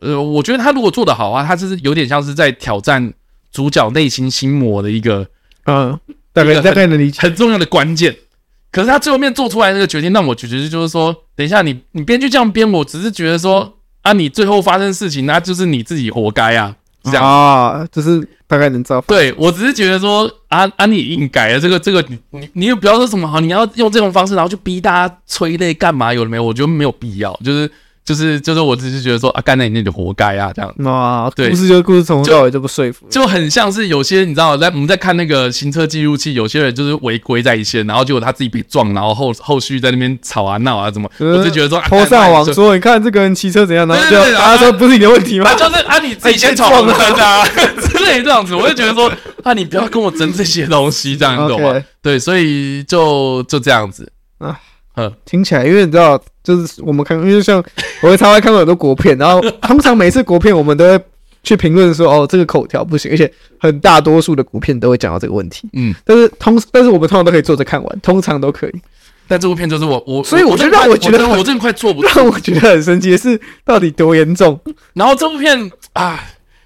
呃，我覺得他如果做得好啊，他就是有點像是在挑戰主角內心心魔的一個，嗯，大概大概能理解很重要的關鍵。可是他最後面做出來那個決定，讓我覺得就是說，等一下你你編劇這樣編，我只是覺得說、嗯、啊，你最後發生事情，那就是你自己活該啊，這樣啊，就是大概能知道。對我只是覺得說啊啊，啊你應該了這個這個你你又不要說什麼好，你要用這種方式，然後就逼大家催淚幹嘛？有了沒有？我覺得沒有必要，就是。就是就是，我只是覺得說啊，幹在你那裡活該啊，這樣。那對，故事就故事從頭到尾就不說服，就很像是有些你知道，來我們在看那個行車記錄器，有些人就是違規在先，然後結果他自己被撞，然後後後續在那邊吵啊鬧啊怎麼，我就覺得說，拍上網說你看這個人騎車怎樣，然後大啊，說不是你的問題嗎？他就是啊，你自己先撞的，之類這樣子，我就覺得說啊，你不要跟我爭這些東西，這樣你懂嗎？對，所以就就這樣子啊。聽起來，因為你知道，就是我們看，因為像我會常常看到很多國片，然後通常每次國片我們都會去評論說， 哦，這個口條不行，而且很大多數的國片都會講到這個問題。嗯，但是通，但是我們通常都可以坐着看完，通常都可以。但這部片就是我我，所以我就讓我覺得我真的快坐不。我做不讓我覺得很神奇的是，到底多嚴重？然後這部片啊，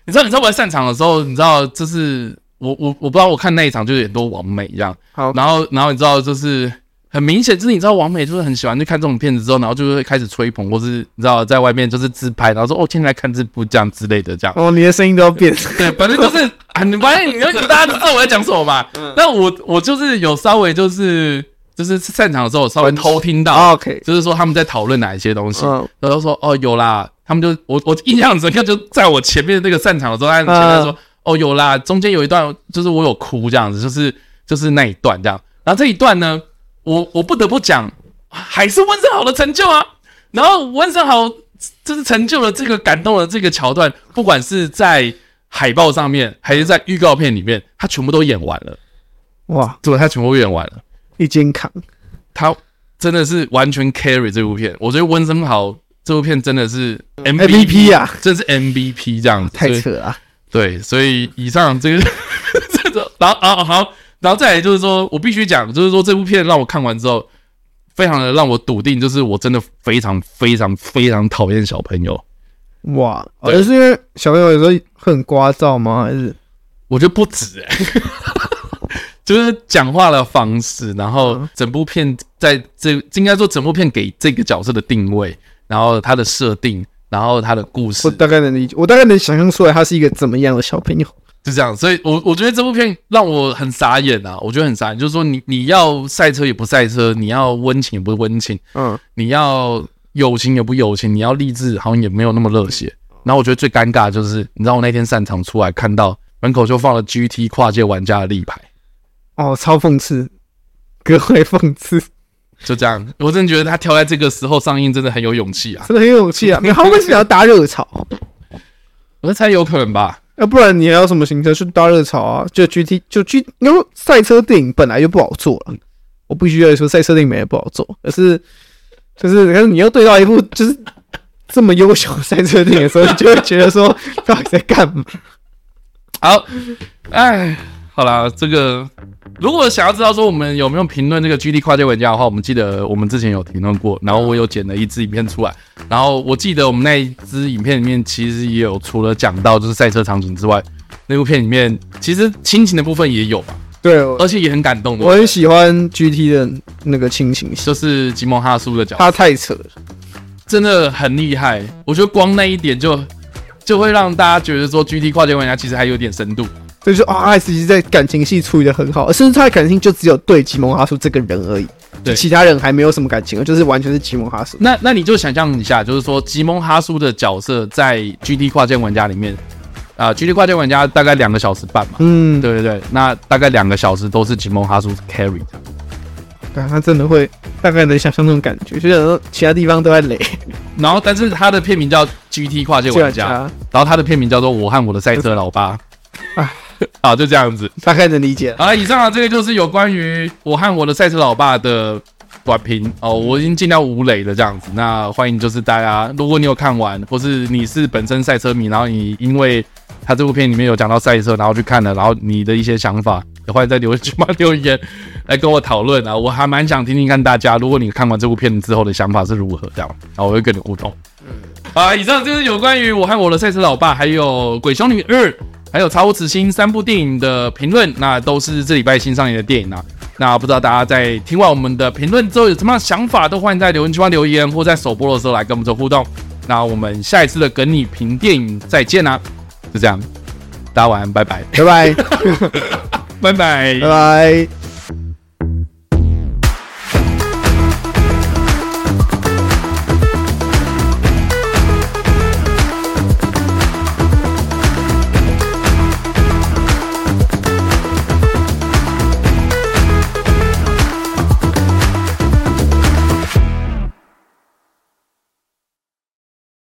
你知道，你知道我在散場的時候，你知道這，就是我我我不知道我看那一場就有多完美一樣。好，然後然後你知道就是。很明顯就是你知道，網美就是很喜歡去看這種片子，之後然後就會開始吹捧，或是你知道在外面就是自拍，然後說哦，現在來看這部這樣之類的這樣。哦，你的聲音都要變。 對，反正就是很、啊，你發 你大家知道我在講什麼嘛。那、嗯、我我就是有稍微就是就是散場的時候，稍微偷聽到，OK。嗯、就是說他們在討論哪一些東西，嗯、然後就說哦有啦，他們就我我印象整個就在我前面那個散場的時候，他前面說、嗯、哦有啦，中間有一段就是我有哭這樣子，就是就是那一段這樣。然後這一段呢？我我不得不講，還是溫昇豪的成就啊。然後溫昇豪就是成就了這個感動了這個橋段，不管是在海報上面，還是在預告片裡面，他全部都演完了。哇！對，他全部演完了，一肩扛，他真的是完全 carry 這部片。我覺得溫昇豪這部片真的是 MVP, MVP 啊，真的是 MVP 這樣子。太扯了啊。對，所以以上這個，這個，然後啊好。好然後再來就是說，我必須講，就是說這部片讓我看完之後，非常的讓我篤定，就是我真的非常非常非常討厭小朋友。哇，對而是因為小朋友有時候很聒噪嗎？還是我覺得不止、欸，哎， 就是講話的方式，然後整部片在這應該說整部片給這個角色的定位，然後他的設定，然後他的故事，我大概能理解，我大概能想象出來他是一個怎麼樣的小朋友。是這樣，所以我，我我覺得這部片讓我很傻眼啊！我覺得很傻眼，就是說你，你你要賽車也不賽車，你要溫情也不溫情，嗯，你要友情也不友情，你要勵志好像也沒有那麼熱血。然後我覺得最尷尬就是，你知道我那天散場出來，看到門口就放了《GT 跨界玩家》的立牌，哦，超諷刺，格外諷刺，就這樣。我真的覺得他挑在這個時候上映，真的很有勇氣啊！真的很有勇氣啊！你還會想要打熱潮 我才有可能吧。要不然你還要什麼行程去搭熱潮啊？就 G T 就 G，因為賽車電影本來就不好做了。我必須要說，賽車電影本來也不好做，可是、就是，可是，但是你要對到一部就是這麼優秀的賽車電影的時候，所以就會覺得說，到底在幹嘛？好，哎，好啦，這個。如果想要知道說我們有沒有評論這個 GT 跨界玩家的話，我們記得我們之前有評論過，然後我有剪了一支影片出來，然後我記得我們那一支影片裡面其實也有除了講到就是賽車場景之外，那部片裡面其實親情的部分也有吧？對，而且也很感動對對。我很喜歡 GT 的那個親情，就是吉蒙哈蘇的角色，他太扯了，真的很厲害。我覺得光那一點就就會讓大家覺得說 GT 跨界玩家其實還有點深度。所以說啊，艾斯其實在感情戲處理得很好，而甚至他的感情就只有對吉蒙哈蘇這個人而已，對其他人還沒有什麼感情，就是完全是吉蒙哈蘇。那那你就想象一下，就是說吉蒙哈蘇的角色在 GT 跨界玩家裡面啊、呃，GT 跨界玩家大概兩個小時半嘛，嗯，對對對，那大概兩個小時都是吉蒙哈蘇 carry 的，對、啊，他真的會大概能想象那種感覺，所以其他地方都在累，然後但是他的片名叫 GT 跨界玩家，玩家然後他的片名叫做《我和我的賽車老爸》啊。啊，就這樣子，大概能理解。好了，以上啊，這個就是有關於我和我的賽車老爸的短評哦。我已經盡量無雷了這樣子，那歡迎就是大家，如果你有看完，或是你是本身賽車迷，然後你因為他這部片裡面有講到賽車，然後去看了，然後你的一些想法，也歡迎在留言區嘛 留言來跟我討論啊。我還蠻想聽聽看大家，如果你看完這部片之後的想法是如何這樣，啊，我會跟你互動。嗯、好啊，以上就是有關於我和我的賽車老爸，還有鬼修女 II。還有《查無此心》三部電影的評論，那都是這禮拜新上映的電影啊。那不知道大家在聽完我們的評論之後有什麼樣想法？都歡迎在留言區留言，或在首播的時候來跟我們做互動。那我們下一次的梗你評電影再見啦，啊，就這樣，大家晚安，拜拜，拜拜，拜拜 bye，拜拜。